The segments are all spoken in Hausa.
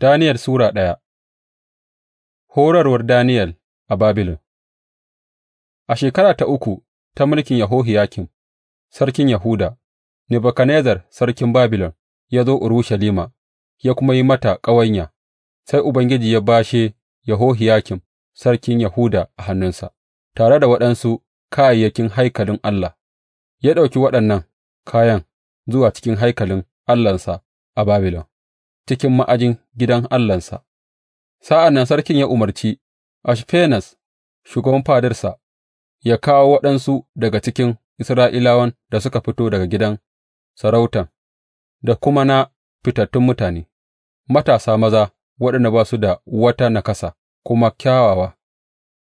Daniyel Sura ɗaya. Horarwar Daniyel a Babilon A shekara ta uku ta mulkin yahohiyakim sarkin Yahuda, Nebukadnezzar sarkin Babilon ya zo Urushalima ya kuma yi mata ƙawanya, sai Ubangiji ya bashe yahohiyakim sarkin Yahuda a hannunsa, tare da waɗansu kayayyakin haikalin Allah, ya ɗauki waɗannan kayan zuwa cikin haikalin Allahnsa a Babilon. cikin ma'ajin gidan Allahnsa. Sa'an nan sarkin ya umarci Ashfenas, shugaban fadarsa, ya kawo waɗansu daga cikin Isra'ilawan da suka fito daga gidan sarautan da kuma na fitattun mutane, matasa maza waɗanda ba su da wata nakasa kuma kyawawa,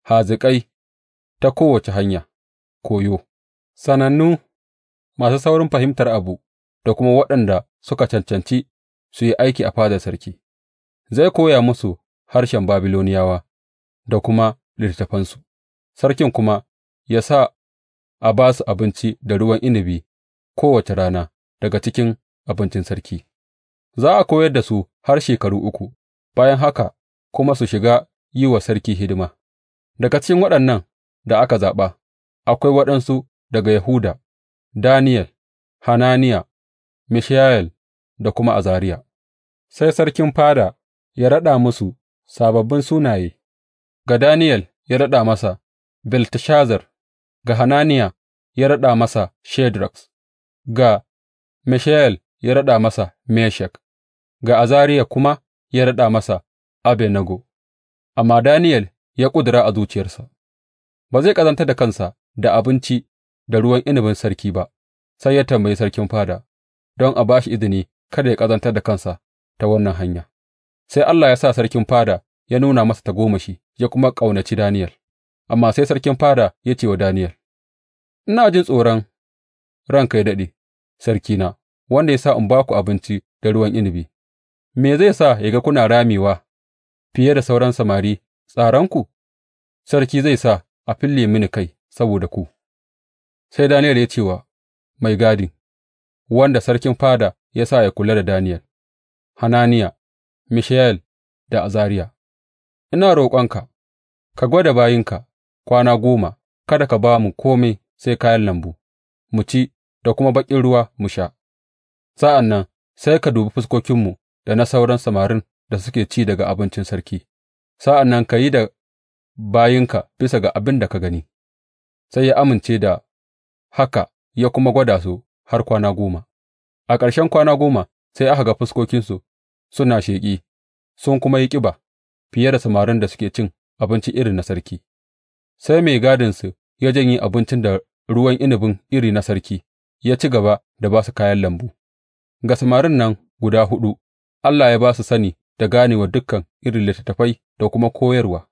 haziƙai ta kowace hanya, koyo, sanannu masu saurin fahimtar abu da kuma waɗanda suka cancanci su yi aiki a fadar sarki, zai koya musu harshen Babiloniyawa da kuma littattafansu, sarkin kuma ya sa a ba su abinci da ruwan inabi kowace rana daga cikin abincin sarki, za a koyar da su har shekaru uku, bayan haka kuma su shiga yi wa sarki hidima. Daga cikin waɗannan da aka zaɓa, akwai waɗansu daga Yahuda, daniel Hananiya, Mishayel da kuma a Zariya, sai sarkin fada ya raɗa musu sababbin sunaye, ga Daniyel ya raɗa masa Belteshazar, ga Hananiya ya raɗa masa Shadrach, ga Mishael ya raɗa masa Meshach, ga Azariya kuma ya raɗa masa Abednego, amma Daniyel ya ƙudura a zuciyarsa, ba zai ƙazanta da kansa da abinci da ruwan inabin sarki ba, sai ya tambayi sarkin fada don a ba shi izini kada ya ƙazantar da kansa ta wannan hanya, sai Allah ya sa sarkin fada ya nuna masa tagomashi ya kuma ƙaunaci Daniyel, amma sai sarkin fada ya ce wa Daniyel, Ina jin tsoron ranka ya daɗe, sarkina, wanda ya sa in ba ku abinci da ruwan inibi me zai sa ya ga kuna ramewa fiye da sauran samari tsaranku? Sarki zai sa a fille mini kai saboda ku. Sai Daniyel ya ce wa mai gadi. wanda sarkin fada ya sa ya kula da Daniyel, Hananiya, Mishayel da Azariya, ina roƙonka, ka gwada bayinka kwana goma, kada ka ba mu kome sai kayan lambu, mu ci da kuma baƙin ruwa mu sha, sa'an nan sai ka dubi fuskokinmu da na sauran samarin da suke ci daga abincin sarki, sa'an nan ka yi da bayinka bisa ga abin da ka gani. Sai ya amince da haka ya kuma gwada su har kwana goma. A ƙarshen kwana goma sai aka ga fuskokinsu suna sheƙi sun kuma yi ƙiba fiye da samarin da suke cin abinci irin na sarki, sai mai gadinsu ya janye abincin da ruwan inabin iri na sarki ya ci gaba da ba su kayan lambu. Ga samarin nan guda huɗu, Allah ya ba su sani da ganewa dukkan irin littattafai da kuma koyarwa,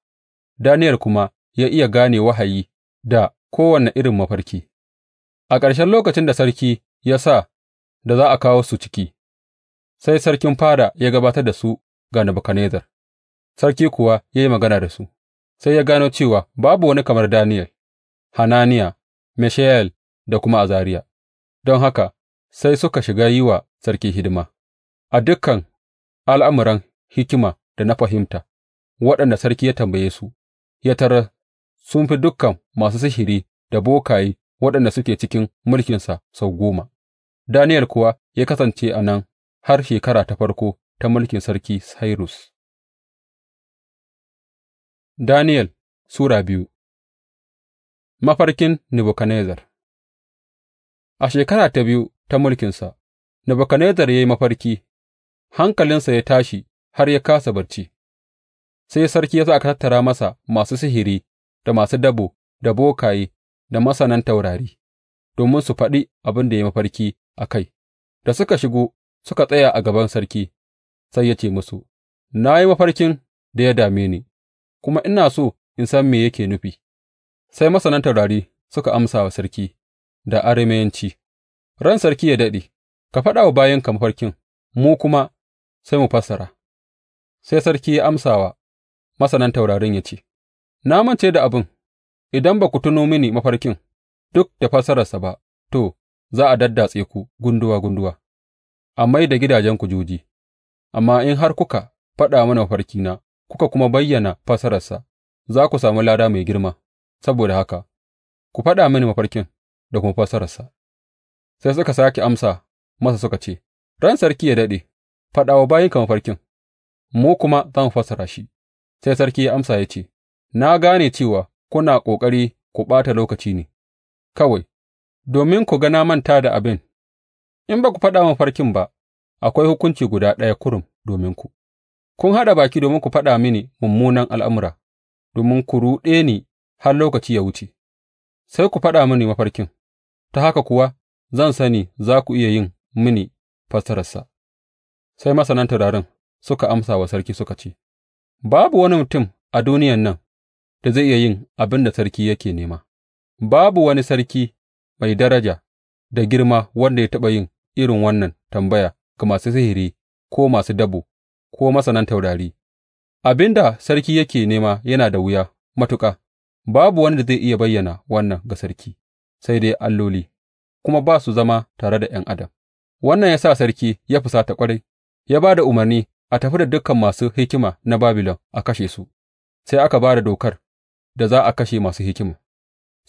Daniyel kuma ya iya gane wahayi da kowane irin mafarki. A ƙarshen lokacin da sarki ya sa da za a kawo su ciki, sai sarkin fada ya gabatar da su ga Nebukadnezzar, sarki kuwa ya yi magana da su, sai ya gano cewa babu wani kamar Daniyel, Hananiya, Mishayel da kuma Azariya, don haka sai suka shiga yi wa sarki hidima a dukan al'amuran hikima da na fahimta, waɗanda sarki ya tambaye su, ya tara sun fi dukkan masu sihiri da bokaye waɗanda suke cikin mulkinsa sau goma. Daniyel kuwa ya kasance a nan har shekara ta farko ta mulkin Sarki Sairus. Daniyel Sura biyu Mafarkin Nebuchadnezzar A shekara ta biyu ta mulkinsa, Nebuchadnezzar ya yi mafarki, hankalinsa ya tashi har ya kasa barci, sai sarki ya sa aka tattara masa masu sihiri da masu dabo da bokaye da masanan taurari, domin su faɗi abin da ya mafarki a kai, da suka shigo suka tsaya a gaban sarki, sai ya ce musu, Na yi mafarkin da ya dame ni, kuma ina so in san me yake nufi. Sai masanan taurari suka amsa wa sarki da Arameyanci, Ran sarki ya daɗe, ka faɗa wa bayanka mafarkin, mu kuma sai mu fassara. Sai sarki ya amsa wa masanan taurarin ya ce, Na mance da abin, idan ba ku tuno mini mafarkin duk da fassararsa ba, to, za a daddatse ku gunduwa gunduwa, a mai da gidajenku juji; amma in har kuka faɗa mana mafarkina kuka kuma bayyana fassararsa, za ku sami lada mai girma; saboda haka ku faɗa mini mafarkin da kuma fassararsa. Sai suka sake amsa masa suka ce, Ran sarki ya daɗe, faɗa wa bayinka mafarkin, mu kuma za mu fassara shi. Sai sarki ya amsa ya ce, Na gane cewa kuna ƙoƙari ku ɓata lokaci ne kawai. domin ku ga na manta da abin, in ba ku faɗa min mafarkin ba, akwai hukunci guda ɗaya kurum dominku, kun haɗa baki domin ku faɗa mini mummunan al'amura, domin ku ruɗe ni har lokaci ya wuce, sai ku faɗa mini mafarkin, ta haka kuwa zan sani za ku iya yin mini fassararsa. Sai masanan turaren suka amsa wa sarki suka ce, Babu wani mutum a duniyan nan da zai iya yin abin da sarki yake nema, babu wani sarki mai daraja da girma wanda ya taɓa yin irin wannan tambaya ga masu sihiri ko masu dabo ko masanan taurari, abin da sarki yake nema yana da wuya matuƙa, babu wanda zai iya bayyana wannan ga sarki, sai dai alloli, kuma ba su zama tare da ’yan adam. Wannan ya sa sarki ya fusata ƙwarai, ya ba da umarni a tafi da dukkan masu hikima na Babilon a kashe su, sai aka ba da dokar da za a kashe masu hikima.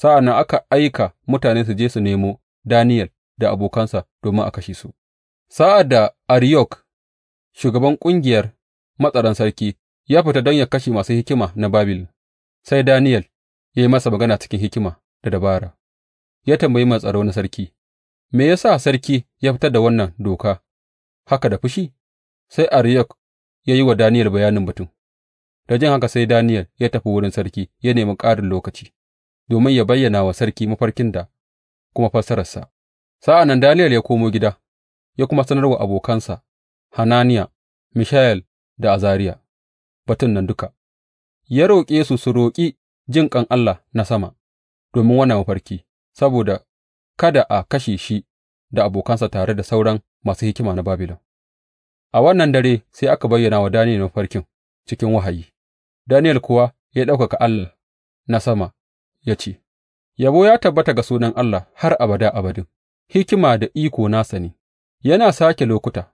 Sa'an nan aka aika mutane su je su nemo Daniyel da abokansa domin a kashe su, sa'ad da Ariyok, shugaban ƙungiyar matsaran sarki, ya fita don ya kashe masu hikima na Babilon, sai Daniyel ya yi masa magana cikin hikima da dabara, ya tambayi mai tsaro na sarki, Me ya sa sarki ya fitar da wannan doka haka da fushi? Sai Ariyok ya yi wa Daniyel bayanin batun, da jin haka sai Daniyel ya tafi wurin sarki ya nemi ƙarin lokaci. domin ya bayyana wa sarki mafarkin da kuma fassararsa. Sa'an nan Daniyel ya komo gida, ya kuma sanar wa abokansa Hananiya, Mishayel da Azariya batun nan duka, ya roƙe su su roƙi jin ƙan Allah na sama domin wannan mafarki, saboda kada a kashe shi da abokansa tare da sauran masu hikima na Babilon. A wannan dare sai aka bayyana wa Daniyel mafarkin cikin wahayi, Daniyel kuwa ya ɗaukaka Allah na sama ya ce, Yabo ya tabbata ga sunan Allah har abada abadin, hikima da iko nasa ne, yana sake lokuta,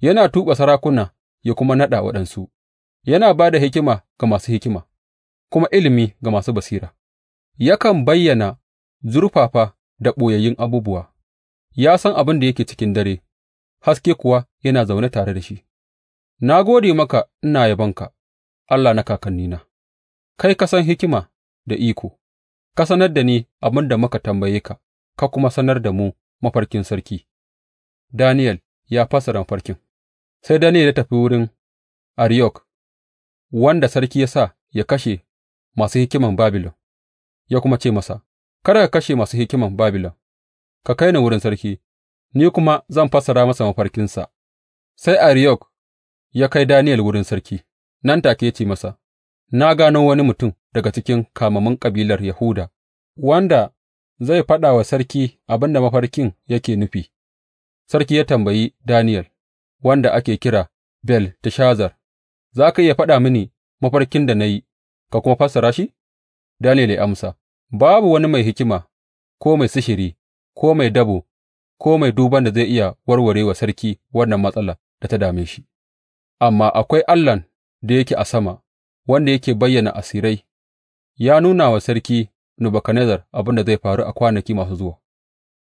yana tuɓa sarakuna ya kuma naɗa waɗansu, yana ba da hikima ga masu hikima, kuma ilimi ga masu basira, yakan bayyana zurfafa da ɓoyayyun abubuwa, ya san abin da yake cikin dare, haske kuwa yana zaune tare da shi. Na gode maka ina yabonka, Allah na kakannina, kai ka san hikima da iko. Ka sanar da ni abin da muka tambaye ka ka kuma sanar da mu mafarkin sarki. Daniyel ya fasara mafarkin Sai Daniyel ya tafi wurin ariok, wanda sarki ya sa ya kashe masu hikiman Babilon, ya kuma ce masa, Kada ka kashe masu hikiman Babilon, ka kai ni wurin sarki, ni kuma zan fasara masa mafarkinsa. Sai ariok ya kai Daniyel wurin sarki, nan take ya ce masa. na gano wani mutum daga cikin kamammun kabilar Yahuda wanda zai faɗa wa sarki abin da mafarkin yake nufi. Sarki ya tambayi Daniyel, wanda ake kira Bel Belteshazar, Za ka iya faɗa mini mafarkin da na yi, ka kuma fassara shi? Daniyel ya amsa, Babu wani mai hikima, ko mai sihiri, ko mai dabo, ko mai duban da zai iya warware wa sarki wannan matsala da ta dame shi, amma akwai Allahn da yake a sama, wanda yake bayyana asirai, ya nuna wa Sarki Nebukadnezzar abin da zai faru a kwanaki masu zuwa,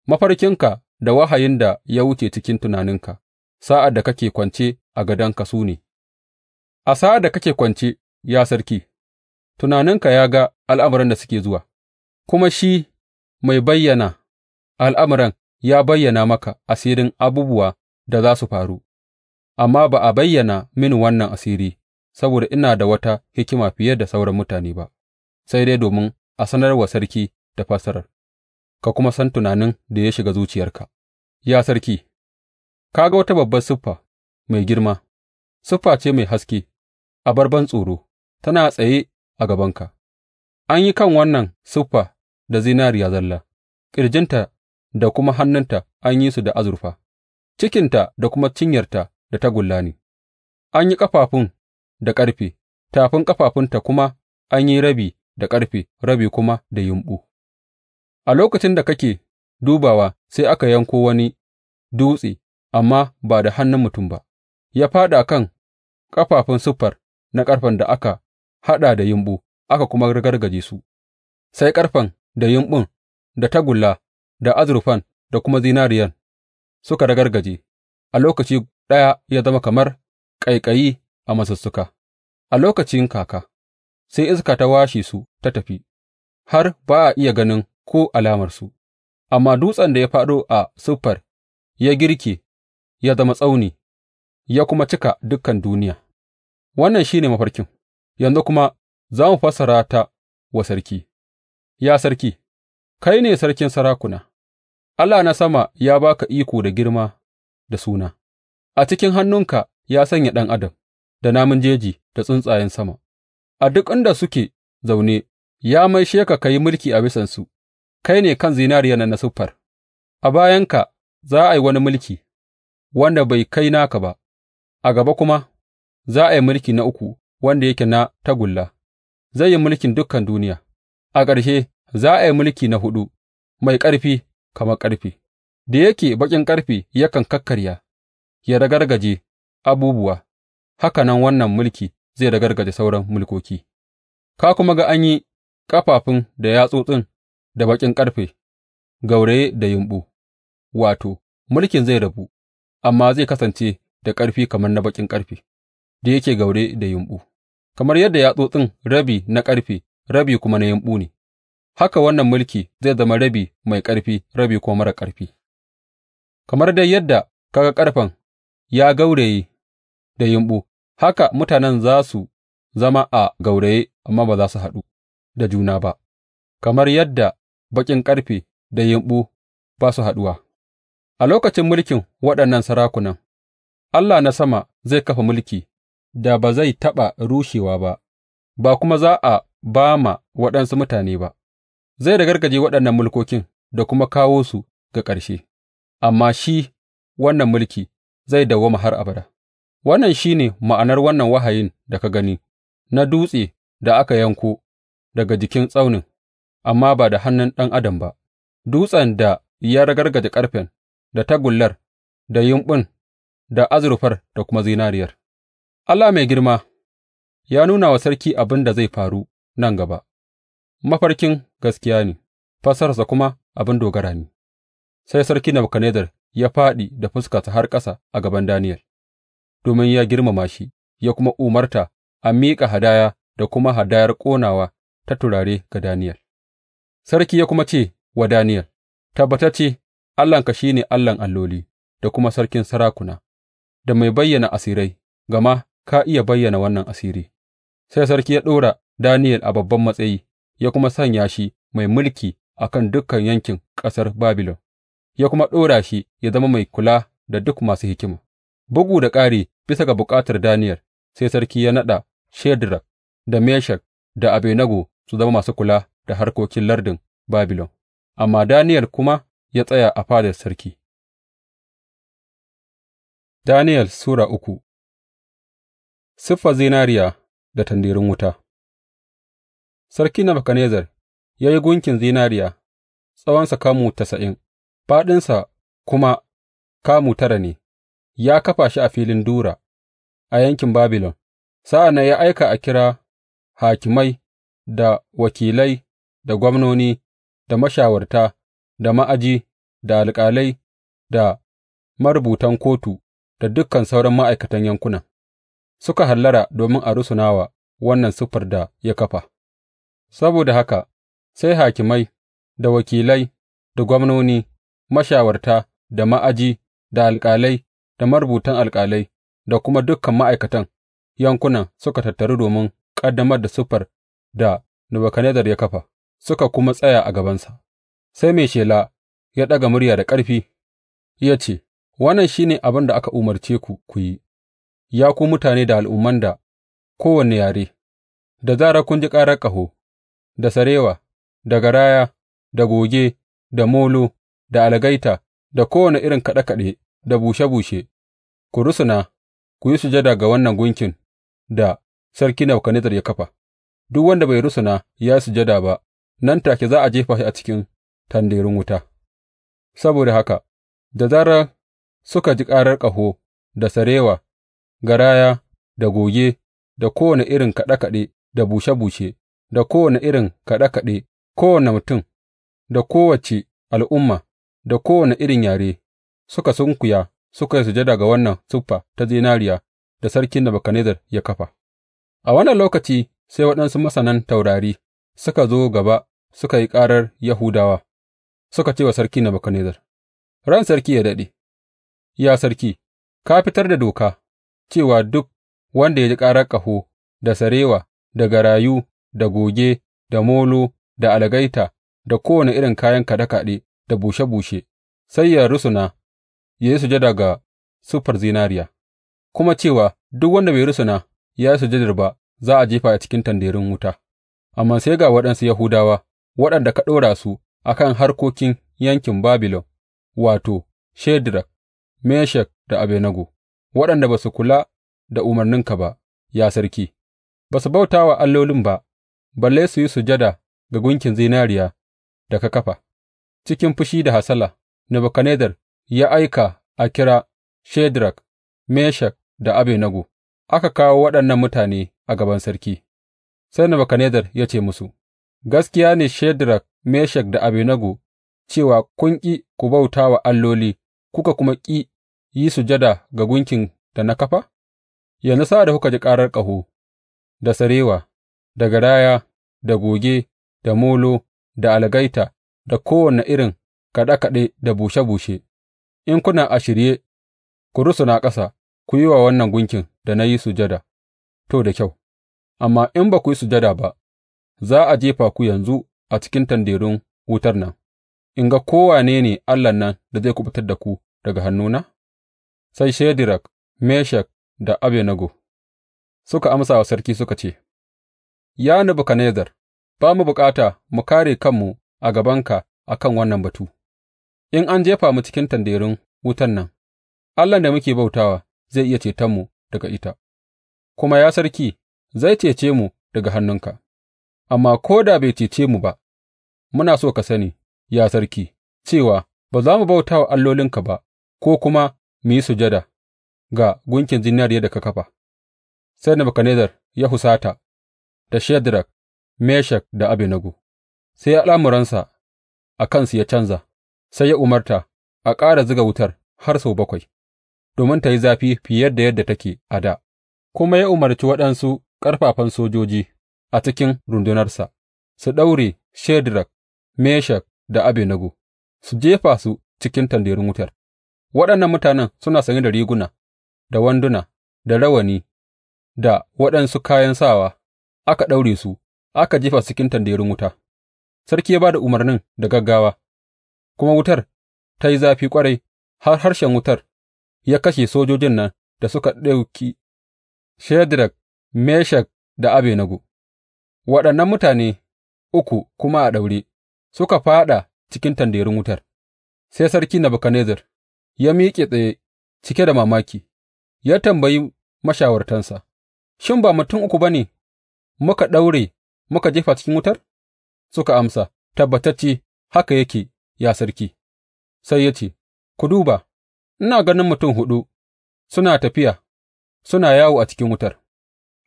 mafarkinka da wahayin da ya wuce cikin tunaninka sa'ad da kake kwance a gadonka su ne, a sa'ad da kake kwance, ya sarki, tunaninka ya ga al'amuran da suke zuwa, kuma shi mai bayyana al'amuran ya bayyana maka asirin abubuwa da za su faru, amma ba a bayyana mini wannan asiri saboda ina da wata hikima fiye da sauran mutane ba, sai dai domin a sanar wa sarki da fassarar, ka kuma san tunanin da ya shiga zuciyarka, ya sarki, ka ga wata babbar siffa mai girma, siffa ce mai haske, a barban tsoro, tana tsaye a gabanka, an yi kan wannan siffa da zinariya zalla, ƙirjinta da kuma hannunta an yi su da azurfa, cikinta da kuma cinyarta da tagulla ne, an yi ƙafafun da ƙarfe, tafin ƙafafunta kuma an yi rabi da ƙarfe rabi kuma da yumɓu. A lokacin da kake dubawa sai aka yanko wani dutse, amma ba da hannun mutum ba, ya fāɗi a kan ƙafafun siffar na ƙarfen da aka haɗa da yumɓu aka kuma ragargaje su, sai ƙarfen da yumɓun da tagulla da azurfan da kuma zinariyan suka ragargaje, a lokaci ɗaya ya zama kamar ƙaiƙayi a masussuka. a lokacin kaka, sai iska ta washe su ta tafi, har ba a iya ganin ko alamarsu, amma dutsen da ya faɗo a siffar ya girke ya zama tsauni, ya kuma cika dukan duniya. Wannan shi ne mafarkin, yanzu kuma za mu fassara ta wa sarki, Ya sarki, kai ne sarkin sarakuna, Allah na sama ya baka iko da girma da suna, a cikin hannunka ya sanya ɗan adam. da namun jeji da tsuntsayen sama, a duk inda suke zaune, ya maishe ka ka yi mulki a bisansu, kai ne kan zinariya na siffar, a bayanka za a yi wani mulki wanda bai kai naka ba, a gaba kuma za a yi mulki na uku wanda yake na tagulla, zai yi mulkin dukan duniya, a ƙarshe za a yi mulki na hudu mai ƙarfi kamar ƙarfi. da yake baƙin ƙarfe yakan kakkarya, ya ragargaje abubuwa, haka nan wannan mulki zai ragargaje sauran mulkoki, ka kuma ga an yi ƙafafun da yatsotsin da baƙin ƙarfe gauraye da yumɓu, wato, mulkin zai rabu, amma zai kasance da ƙarfi kamar na baƙin ƙarfe, da yake gauraye da yumɓu, kamar yadda yatsotsin rabi na ƙarfe, rabi kuma na yumɓu ne, haka wannan mulki zai zama rabi mai ƙarfi, rabi kuma mara ƙarfi, kamar dai yadda ka ga ƙarfen ya gauraye da yumɓu, haka mutanen za su zama a gauraye amma ba za su haɗu da juna ba, kamar yadda baƙin ƙarfe da yumɓu ba su haɗuwa. A lokacin mulkin waɗannan sarakunan, Allah na sama zai kafa mulki da ba zai taɓa rushewa ba, ba kuma za a ba ma waɗansu mutane ba, zai da ragargaje waɗannan mulkokin da kuma kawo su ga ƙarshe, amma shi wannan mulki zai dawwama har abada. Wannan shi ne ma'anar wannan wahayin da ka gani na dutse da aka yanko daga jikin tsaunin, amma ba da hannun ɗan adam ba, dutsen da ya ragargaje ƙarfen, da tagullar, da yumɓun, da azurfar da kuma zinariyar. Allah mai girma ya nuna wa sarki abin da zai faru nan gaba, mafarkin gaskiya ne, fasararsa kuma abin dogara ne. Sai sarki Nebukadnezzar ya fāɗi da fuskarsa har ƙasa a gaban Daniyel. domin ya girmama shi ya kuma umarta a miƙa hadaya da kuma hadayar ƙonawa ta turare ga Daniyel. Sarki ya kuma ce wa Daniyel, Tabbatacce Allahnka shi ne Allahn alloli da kuma sarkin sarakuna, da mai bayyana asirai, gama ka iya bayyana wannan asiri. Sai sarki ya ɗora Daniyel a babban matsayi, ya kuma sanya shi mai mulki a kan dukan yankin ƙasar Babilon, ya kuma ɗora shi ya zama mai kula da duk masu hikima. Bugu da ƙari, bisa ga bukatar Daniyel, sai sarki ya naɗa Shadrak, da Meshak, da Abednego su zama masu kula da harkokin lardin Babilon, amma Daniyel kuma ya tsaya a fadar sarki. Daniyel Sura uku siffa zinariya da tandirin wuta Sarki Nebukadnezzar ya yi gunkin zinariya, tsawonsa kamu tasa'in, faɗinsa kuma kamu tara ne. ya kafa shi a filin Dura a yankin Babilon, sa'an nan ya aika a kira hakimai da wakilai da gwamnoni da mashawarta da ma'aji da alƙalai da marubutan kotu da dukan sauran ma'aikatan yankuna. suka hallara domin a rusuna wa wannan siffar da ya kafa, saboda haka sai hakimai da wakilai da gwamnoni, mashawarta da ma'aji da alƙalai da marubutan alƙalai da kuma dukan ma'aikatan yankunan suka tattaru domin ƙaddamar da siffar da Nebukadnezzar ya kafa, suka kuma tsaya a gabansa, sai mai shela ya ɗaga murya da ƙarfi, ya ce, Wannan shi ne abin da aka umarce ku ku yi, ya ku mutane da al'umman da kowane yare, da zarar kun ji ƙarar ƙaho, da sarewa, da garaya, da goge, da molo, da algaita, da kowane irin kaɗe-kaɗe, da bushe-bushe, Ku rusuna, ku yi sujada ga wannan gunkin da sarki Nebukadnezzar ya kafa, duk wanda bai rusuna ya sujada ba, nan take za a jefa shi a cikin tanderun wuta. Saboda haka, da zarar suka ji ƙarar ƙaho da sarewa, garaya da goge da kowane irin kaɗe kaɗe da bushe bushe, da kowane irin kaɗe kaɗe, kowane mutum, da kowace al'umma, da kowane irin yare, suka sunkuya. suka yi sujada ga wannan siffa ta zinariya da sarki Nebukadnezzar ya kafa. A wannan lokaci sai waɗansu masanan taurari suka zo gaba suka yi ƙarar Yahudawa, suka ce wa sarki Nebukadnezzar, Ran sarki ya daɗe, ya sarki, ka fitar da doka cewa duk wanda ya ji ƙarar ƙaho da sarewa da garayu da goge da molo da algaita da kowane irin kayan kaɗe-kaɗe da bushe-bushe, sai ya rusuna ya yi sujada ga siffar zinariya, kuma cewa duk wanda bai rusuna ya yi sujadar ba za a jefa a cikin tanderun wuta, amma sai ga waɗansu Yahudawa waɗanda ka ɗora su a kan harkokin yankin Babilon, wato, Shedrak, Meshak da Abenago, waɗanda ba su kula da umarninka ba, ya sarki, ba su bauta wa allolin ba, balle su yi sujada ga gunkin zinariya da ka kafa, cikin fushi da hasala, Nebuchadnezzar ya aika a kira Shadrak, Meshak da Abednego, aka kawo waɗannan mutane a gaban sarki, sai Nebukadnezzar ya ce musu, Gaskiya ne Shadrak, Meshak da Abednego cewa kun ƙi ku bauta wa alloli kuka kuma ƙi yi sujada ga gunkin da na kafa? Yanzu sa'ad da kuka ji ƙarar ƙaho, da sarewa, da garaya, da goge, da molo, da algaita, da kowane irin kaɗe kaɗe da bushe bushe. in kuna a shirye ku rusuna ƙasa ku yi wa wannan gunkin da na yi sujada, to, da kyau, amma in ba ku yi sujada ba, za a jefa ku yanzu a cikin tanderun wutar nan, in ga kowane ne Allahn nan da zai kuɓutar da ku daga hannuna? Sai Shadirak, Meshak da Abednego suka amsa wa sarki suka ce, Ya Nebukadnezzar, ba mu bukata mu kare kanmu a gabanka a kan wannan batu. In an jefa mu cikin tanderun wutan nan, Allahn da muke bautawa zai iya cetonmu daga ita, kuma ya sarki, zai cece mu daga hannunka, amma ko da bai cece mu ba, muna so ka sani, ya sarki, cewa ba za mu bauta wa allolinka ba ko kuma mu yi sujada ga gunkin zinariya da ka kafa. Sai Nebukadnezzar ya husata da Shadrach, Meshach da Abinagu. sai al'amuransa a kansu ya canza. sai ya umarta a ƙara zuga wutar har sau bakwai domin ta yi zafi fiye da yadda take a da. kuma ya umarci waɗansu ƙarfafan sojoji a cikin rundunarsa su ɗaure Shadrak, Meshak da Abednego, su jefa su cikin tanderun wutar. Waɗannan mutanen suna sanye da riguna, da wanduna, da rawani, da waɗansu kayan sawa, aka ɗaure su, aka jefa su cikin tanderun wuta. Sarki ya ba da umarnin da gaggawa, kuma wutar ta yi zafi ƙwarai har harshen wutar ya kashe sojojin nan da suka ɗauki Shadrach, Meshach da Abednego, waɗannan mutane uku kuma a ɗaure, suka fāɗa cikin tanderun wutar, sai sarki Nebuchadnezzar ya miƙe tsaye cike da mamaki, ya tambayi mashawartansa, Shin ba mutum uku ba ne muka ɗaure muka jefa cikin wutar? Suka amsa, Tabbatacce haka yake ya sarki, sai ya ce, Ku duba, ina ganin mutum huɗu suna tafiya, suna yawo a cikin wutar,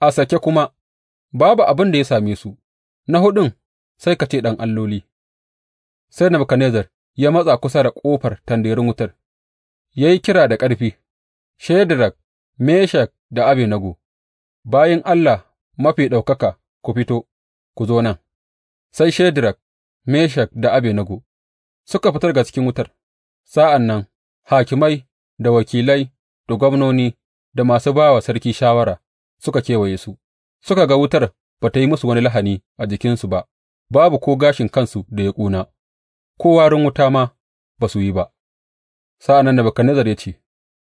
a sake kuma, babu abin da ya same su, na huɗun sai ka ce ɗan alloli. Sai Nebukadnezzar ya matsa kusa da ƙofar tandirin wutar, ya yi kira da ƙarfi, Shedrak, Meshak da Abednego, Bayan Allah mafi ɗaukaka, ku fito, ku zo nan. Sai Shedrak, Meshak da Abednego Suka fitar daga cikin wutar, sa'an nan hakimai da wakilai da gwamnoni da masu ba wa sarki shawara suka kewaye su, suka ga wutar ba ta yi musu wani lahani a jikinsu ba, babu ko gashin kansu da ya ƙuna, ko warin wuta ma ba su yi ba. Sa'an nan Nazar ya ce,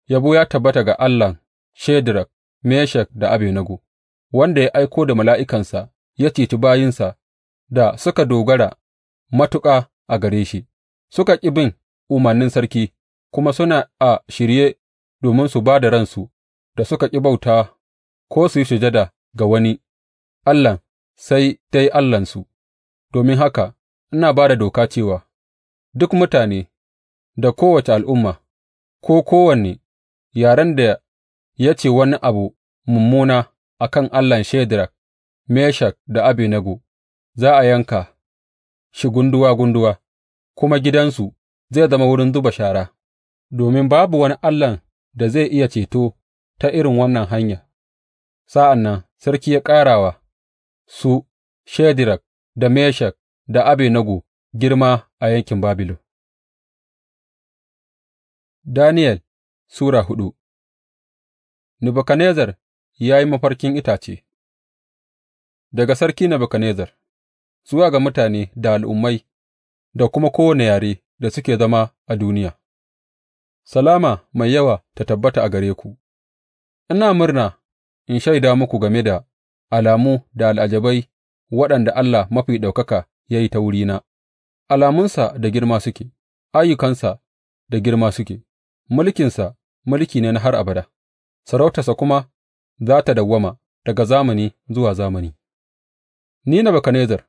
Yabo ya tabbata ga Allahn Shadrak, Meshak da Abednego, wanda ya aiko da mala'ikansa ya ceci bayinsa da suka dogara matuƙa a gare shi. Suka ƙi bin umarnin sarki kuma suna a shirye domin su ba da ransu da suka ƙi bauta ko su yi sujada ga wani allahn sai dai Allahnsu, domin haka ina ba da doka cewa duk mutane da kowace al'umma ko kowanne yaren da ya ce wani abu mummuna a kan Allahn shedrak Meshak da Abinago za a yanka shi gunduwa gunduwa. kuma gidansu zai zama wurin zuba shara, domin babu wani allahn da zai iya ceto ta irin wannan hanya. Sa'an nan sarki ya ƙara wa su shedirak da Meshak da Abednego girma a yankin Babilon. daniel Sura hudu Nebuchadnezzar ya yi mafarkin itace Daga sarki Nebuchadnezzar zuwa ga mutane da al'ummai da kuma kowane yare da suke zama a duniya, salama mai yawa ta tabbata a gare ku, ina murna in shaida muku game da alamu da al'ajabai waɗanda Allah Mafi Ɗaukaka ya yi ta wurina, alamunsa da girma suke, ayyukansa da girma suke, mulkinsa mulki ne na har abada, sarautarsa kuma za ta dawwama daga zamani zuwa zamani. Ni Nebukadnezzar.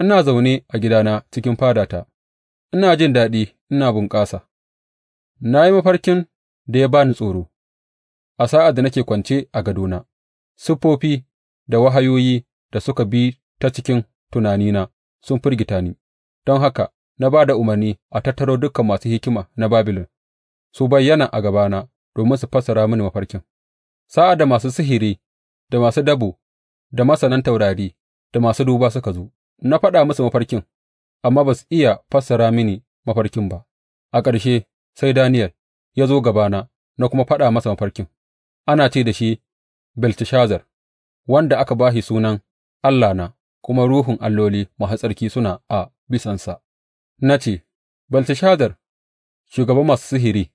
Ina zaune a gidana cikin fadata, ina jin daɗi ina bunƙasa; na yi mafarkin da ya ba ni tsoro a sa'ad da nake kwance a gadona; siffofi da wahayoyi da suka bi ta cikin tunanina sun firgita ni, don haka na ba da umarni a tattaro dukan masu hikima na Babilon su bayyana a gabana domin su fassara mini mafarkin, sa'ad da masu sihiri da masu dabo da masanan taurari da masu duba suka zo. na faɗa musu mafarkin, amma ba su iya fassara mini mafarkin ba, a ƙarshe sai Daniyel ya zo gabana na kuma faɗa masa mafarkin, ana ce da shi Belteshazar, wanda aka ba shi sunan Allahna kuma ruhun alloli masu tsarki suna a bisansa, na ce, Belteshazar, shugaban masu sihiri,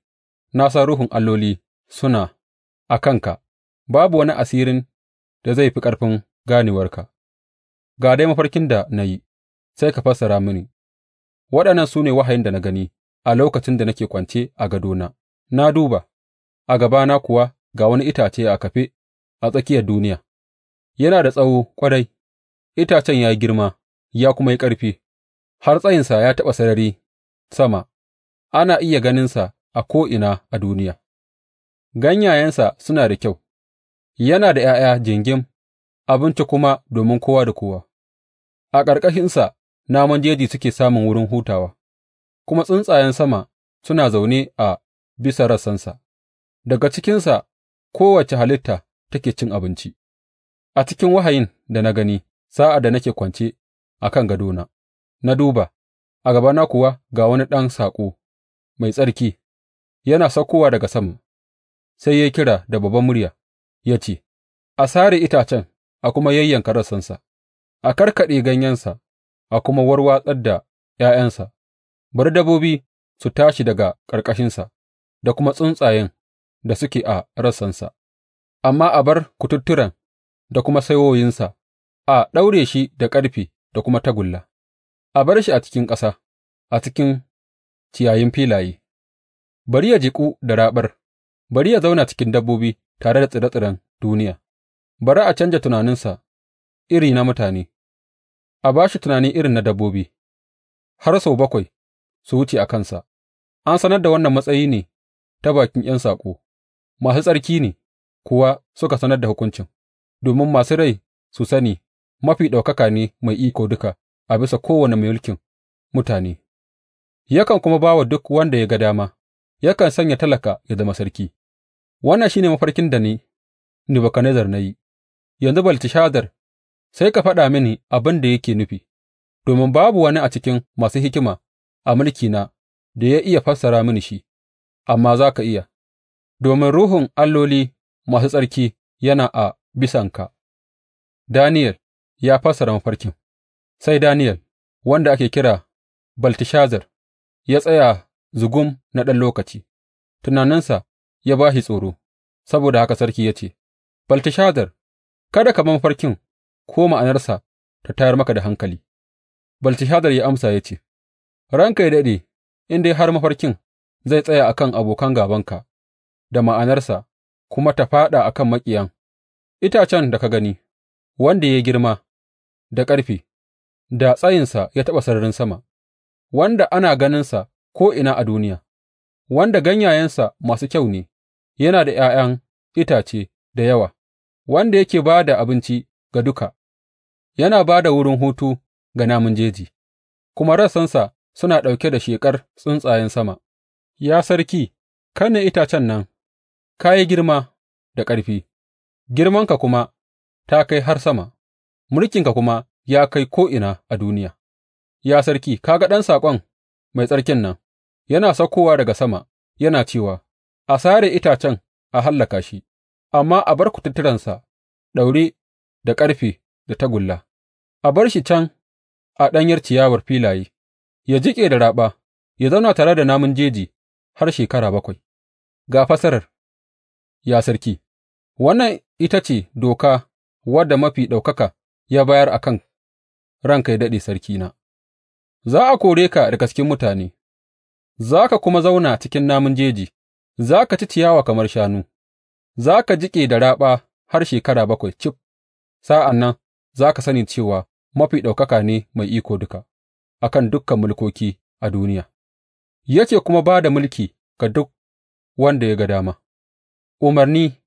na sa ruhun alloli suna a kanka, babu wani asirin da zai fi ƙarfin ganewarka. Ga dai mafarkin da na yi, sai ka fassara mini, waɗannan su ne wahayin da na gani a lokacin da nake kwance a gadona, na duba, a gabana kuwa ga wani itace a kafe a tsakiyar duniya, yana da tsawo ƙwarai, itacen ya yi girma ya kuma yi ƙarfi, har tsayinsa ya taɓa sarari sama, ana iya ganinsa a ko'ina a duniya, ganyayensa suna da kyau, yana da ’ya'ya jingim, abinci kuma domin kowa da kowa. a ƙarƙashinsa namun jeji suke samun wurin hutawa, kuma tsuntsayen sama suna zaune a bisa rassansa; daga cikinsa kowace halitta take cin abinci, a cikin wahayin da na gani sa'ad da nake kwance a kan gadona, na duba, a gabana kuwa ga wani ɗan saƙo mai tsarki yana saukowa daga sama, sai ya kira da babbar murya ya ce, A sare itacen a kuma yayyanka rassansa. a karkaɗe ganyensa a kuma warwatsar da ’ya'yansa; bari dabbobi su tashi daga ƙarƙashinsa da kuma tsuntsayen da suke a rassansa, amma a bar kututturen da kuma saiwoyinsa, a ɗaure shi da ƙarfe da kuma tagulla, a bar shi a cikin ƙasa, a cikin ciyayin filaye, bari ya jiƙu da raɓar, bari ya zauna cikin dabbobi tare da tsire tsiren duniya, bari a canja tunaninsa. iri na mutane, a ba shi tunani irin na dabbobi, har sau bakwai su wuce a kansa, an sanar da wannan matsayi ne ta bakin ’yan saƙo, masu tsarki ne kuwa suka sanar da hukuncin, domin masu rai su sani Mafi Ɗaukaka ne mai iko duka a bisa kowane mai mulkin mutane, yakan kuma ba wa duk wanda ya ga dama, yakan sanya talaka ya zama sarki, wannan shi ne mafarkin da ni, Nebukadnezzar na yi, yanzu Belteshazar sai ka faɗa mini abin da yake nufi, domin babu wani a cikin masu hikima a mulkina da ya iya fassara mini shi, amma za ka iya, domin ruhun alloli masu tsarki yana a bisanka. Daniyel ya fassara mafarkin Sai Daniyel, wanda ake kira baltishazar ya tsaya zugum na ɗan lokaci, tunaninsa ya ba shi tsoro, saboda haka sarki ya ce, Baltishazar? kada ka bar mafarkin ko ma'anarsa ta tayar maka da hankali? Belteshazar ya amsa ya ce, Ranka yă daɗe, in dai har mafarkin zai tsaya a kan abokan gabanka. da ma'anarsa kuma ta faɗa a kan maƙiyan, itacen da ka gani, wanda ya girma da ƙarfe, da tsayinsa ya taɓa sararin sama, wanda ana ganinsa ko'ina a duniya, wanda ganyayensa masu kyau ne, yana da ’ya'yan itace da yawa, wanda yake ba da abinci ga duka, yana ba da wurin hutu ga namun jeji, kuma rassansa suna ɗauke da sheƙar tsuntsayen sama, Ya sarki, kai ne itacen nan, ka yi girma da ƙarfi, girmanka kuma ta kai har sama, mulkinka kuma ya kai ko'ina a duniya, Ya sarki, ka ga ɗan saƙon mai tsarkin nan, yana saukowa daga sama, yana cewa, A sare itacen a hallaka shi, amma a bar kututturensa ɗaure da ƙarfe da tagulla, a bar shi can a ɗanyar ciyawar filaye, ya jiƙe da raɓa, ya zauna tare da namun jeji har shekara bakwai. Ga fasarar, ya sarki, wannan ita ce doka wadda mafi ɗaukaka ya bayar a kan ranka ya daɗe sarkina, za a kore ka daga cikin mutane, za ka kuma zauna cikin namun jeji, za ka ci ciyawa kamar shanu, za ka jiƙe da raɓa har shekara bakwai cif. sa'an nan za ka sani cewa Mafi Ɗaukaka ne mai iko duka a kan dukan mulkoki a duniya, yake kuma ba da mulki ga duk wanda ya ga dama, umarni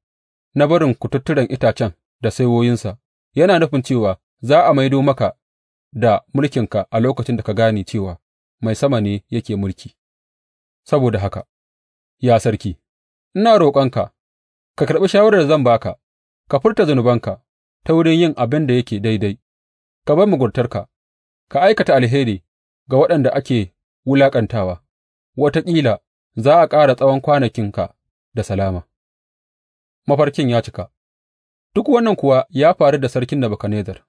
na barin kututturen itacen da saiwoyinsa yana nufin cewa za a maido maka da mulkinka a lokacin da ka gane cewa mai sama ne yake mulki, saboda haka, ya sarki, ina roƙonka, ka karɓi shawarar da zan baka. ka, ka furta zunubanka. ta wurin yin abin da yake daidai, ka bar muguntarka, ka aikata alheri ga waɗanda ake wulaƙantawa, wataƙila za a ƙara tsawon kwanakinka da salama. Mafarkin ya cika Duk wannan kuwa ya faru da sarkin Nebukadnezzar,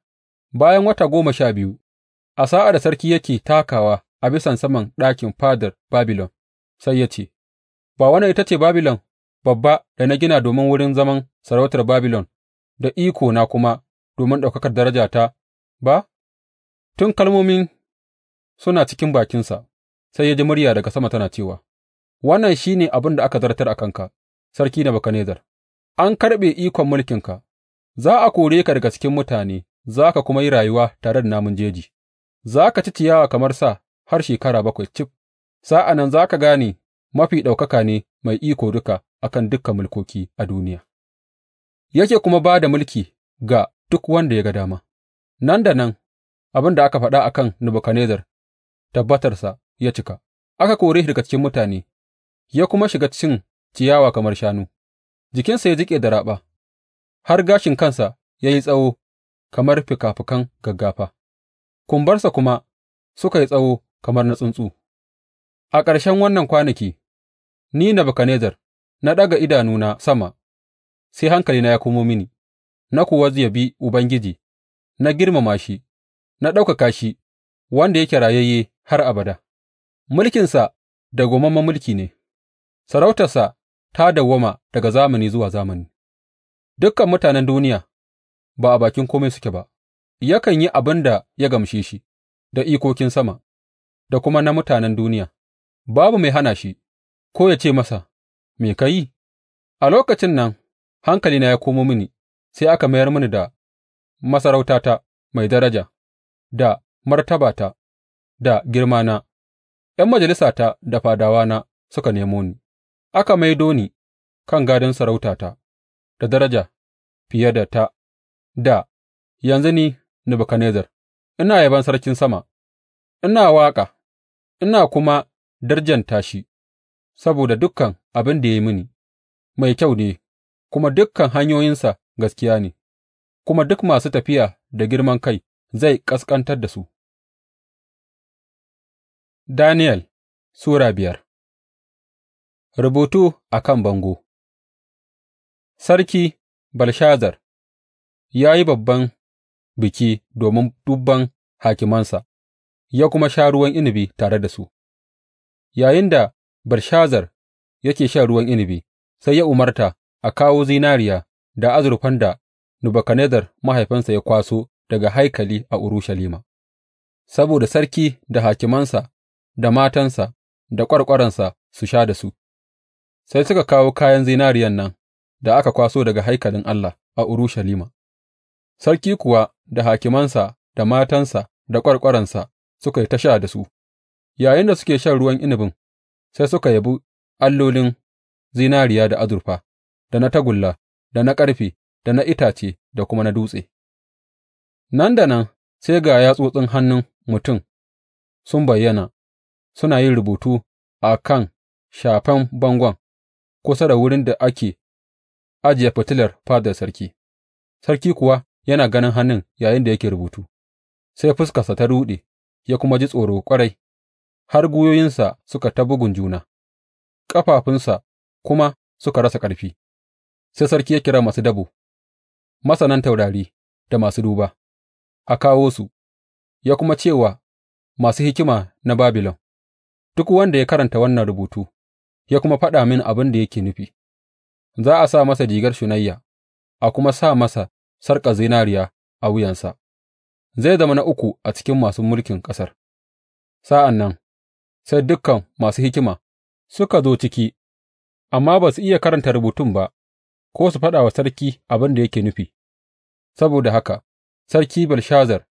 bayan wata goma sha biyu, a sa'ad da sarki yake takawa a bisan saman ɗakin fadar Babilon, sai ya ce, Ba wannan ita ce Babilon babba da na gina domin wurin zaman sarautar Babilon da ikona kuma domin ɗaukakar darajata ba? Tun kalmomin suna cikin bakinsa, sai ya ji murya daga sama tana cewa, Wannan shi ne abin da aka zartar a kanka, Sarki Nebukadnezzar, an karɓe ikon mulkinka, za a kore ka daga cikin mutane, za ka kuma yi rayuwa tare da namun jeji, za ka ci ciyawa kamar sa har shekara bakwai cif, sa'an nan za ka gane mafi ɗaukaka ne mai iko duka a kan dukan mulkoki a duniya. yake kuma ba da mulki ga duk wanda ya ga dama, nan da nan abin da aka faɗa a kan Nebukadnezzar tabbatarsa ya cika, aka kore shi daga cikin mutane, ya kuma shiga cin ciyawa kamar shanu, jikinsa ya jiƙe da raɓa, har gashin kansa ya yi tsawo kamar fikafikan gaggafa, kumbarsa kuma suka yi tsawo kamar na tsuntsu. A ƙarshen wannan kwanaki, ni Nebukadnezzar na ɗaga idanuna sama sai hankalina ya komo mini, na kuwa yabi Ubangiji; na girmama shi, na ɗaukaka shi, wanda yake rayayye har abada, mulkinsa gomamman mulki ne, sarautarsa ta dawwama daga zamani zuwa zamani. Dukan mutanen duniya ba a bakin kome suke ba, yakan yi abin da ya gamshe shi da ikokin sama da kuma na mutanen duniya, babu mai hana shi ko ya ce masa, Me ka yi? A lokacin nan hankalina ya komo mini, sai aka mayar mini da masarautata mai daraja, da martabata, da girmana; ’yan majalisata da fadawana suka nemo ni, aka maido ni kan gadon sarautata da daraja fiye da ta da yanzu ni, Nebuchadnezzar, ina yaban Sarkin sama, ina waƙa, ina kuma darjanta shi saboda dukkan abin da ya yi mini, mai kyau ne. kuma dukan hanyoyinsa gaskiya ne, kuma duk masu tafiya da girman kai zai ƙasƙantar da su. Daniyel Sura biyar Rubutu a kan bango Sarki Balshazar ya yi babban biki domin dubban hakimansa, ya kuma sha ruwan inibi tare da su, Yayin yayinda Balshazar yake sha ruwan inibi sai ya umarta a kawo zinariya da azurfan da Nebukadnezzar mahaifinsa ya kwaso daga haikali a Urushalima, saboda sarki da hakimansa da matansa da ƙwarƙwaransa su sha da su, sai suka kawo kayan zinariyan nan da aka kwaso daga haikalin Allah a Urushalima, sarki kuwa da hakimansa da matansa da ƙwarƙwaransa suka yi ta sha da su, yayin da suke shan ruwan inabin, sai suka yabi allolin zinariya da azurfa. da na tagulla, da na ƙarfe, da na itace da kuma na dutse, nan da nan sai ga yatsotsin hannun mutum sun bayyana suna yin rubutu a kan shafen bangon kusa da wurin da ake ajiye fitilar fadar sarki, sarki kuwa yana ganin hannun yayin da yake rubutu, sai fuskarsa ta ruɗe ya kuma ji tsoro ƙwarai, har gwiwoyinsa suka ta bugun juna, ƙafafunsa kuma suka rasa ƙarfi. Sai sarki ya kira masu dabo, masanan taurari da masu duba, a kawo su, ya kuma ce wa masu hikima na Babilon, Duk wanda ya karanta wannan rubutu ya kuma faɗa min abin da yake nufi, za a sa masa rigar shunayya a kuma sa masa sarƙar zinariya a wuyansa, zai zama na uku a cikin masu mulkin ƙasar. Sa'an nan sai dukkan masu hikima suka zo ciki, amma ba su iya karanta rubutun ba. ko su faɗa wa sarki abin da yake nufi, saboda haka Sarki Belshazar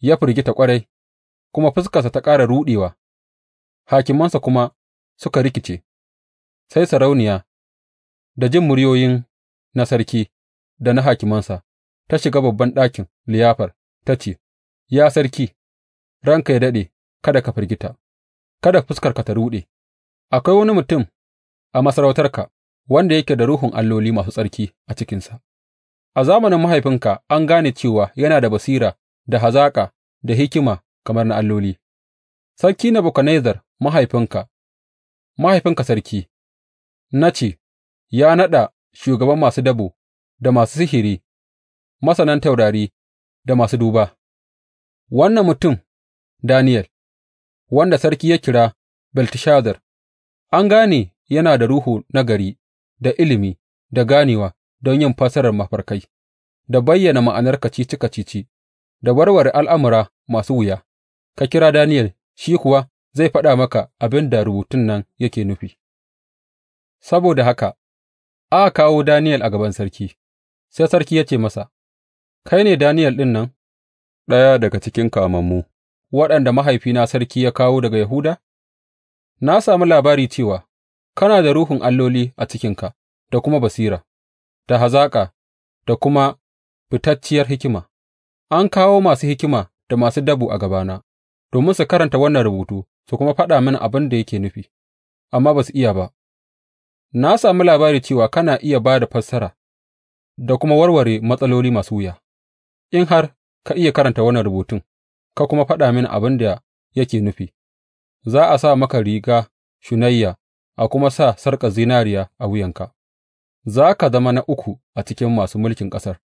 ya firgita ƙwarai, kuma fuskarsa ta ƙara ruɗewa, hakimansa kuma suka rikice, sai sarauniya da jin muryoyin na sarki da na hakimansa ta shiga babban ɗakin liyafar ta ce, Ya sarki, ranka ya daɗe, kada ka firgita, kada fuskarka ta ruɗe, akwai wani mutum a masarautarka wanda yake da ruhun alloli masu tsarki a cikinsa; a zamanin mahaifinka an gane cewa yana da basira da hazaƙa, da hikima kamar na alloli, Sarki na Nebukadnezzar mahaifinka, mahaifinka sarki, na ce, ya naɗa shugaban masu dabo da masu sihiri, masanan taurari da masu duba, wannan mutum Daniel, wanda sarki ya kira Belteshazar, an gane yana da ruhu nagari. da ilimi da ganewa don yin fassarar mafarkai, da bayyana ma'anar kacici kacici, da warware al'amura masu wuya, ka kira Daniyel shi kuwa zai faɗa maka abin da rubutun nan yake nufi. Saboda haka, aka kawo Daniyel a gaban sarki, sai sarki ya ce masa, Kai ne Daniyel ɗin nan, ɗaya daga cikin kamammu, waɗanda mahaifina sarki ya kawo daga Yahuda? Na sami labari cewa Kana da ruhun alloli a cikinka da kuma basira, da hazaƙa, da kuma fitacciyar hikima; an kawo masu hikima da masu dabu a gabana domin su karanta wannan rubutu su kuma faɗa mini abin da yake nufi, amma ba su iya ba, na sami labari cewa kana iya ba da fassara da kuma warware matsaloli masu wuya, in har ka iya karanta wannan rubutun ka kuma faɗa mini abin da yake nufi, za a sa maka riga shunayya. a kuma sa sarƙar zinariya a wuyanka, za ka zama na uku a cikin masu mulkin ƙasar.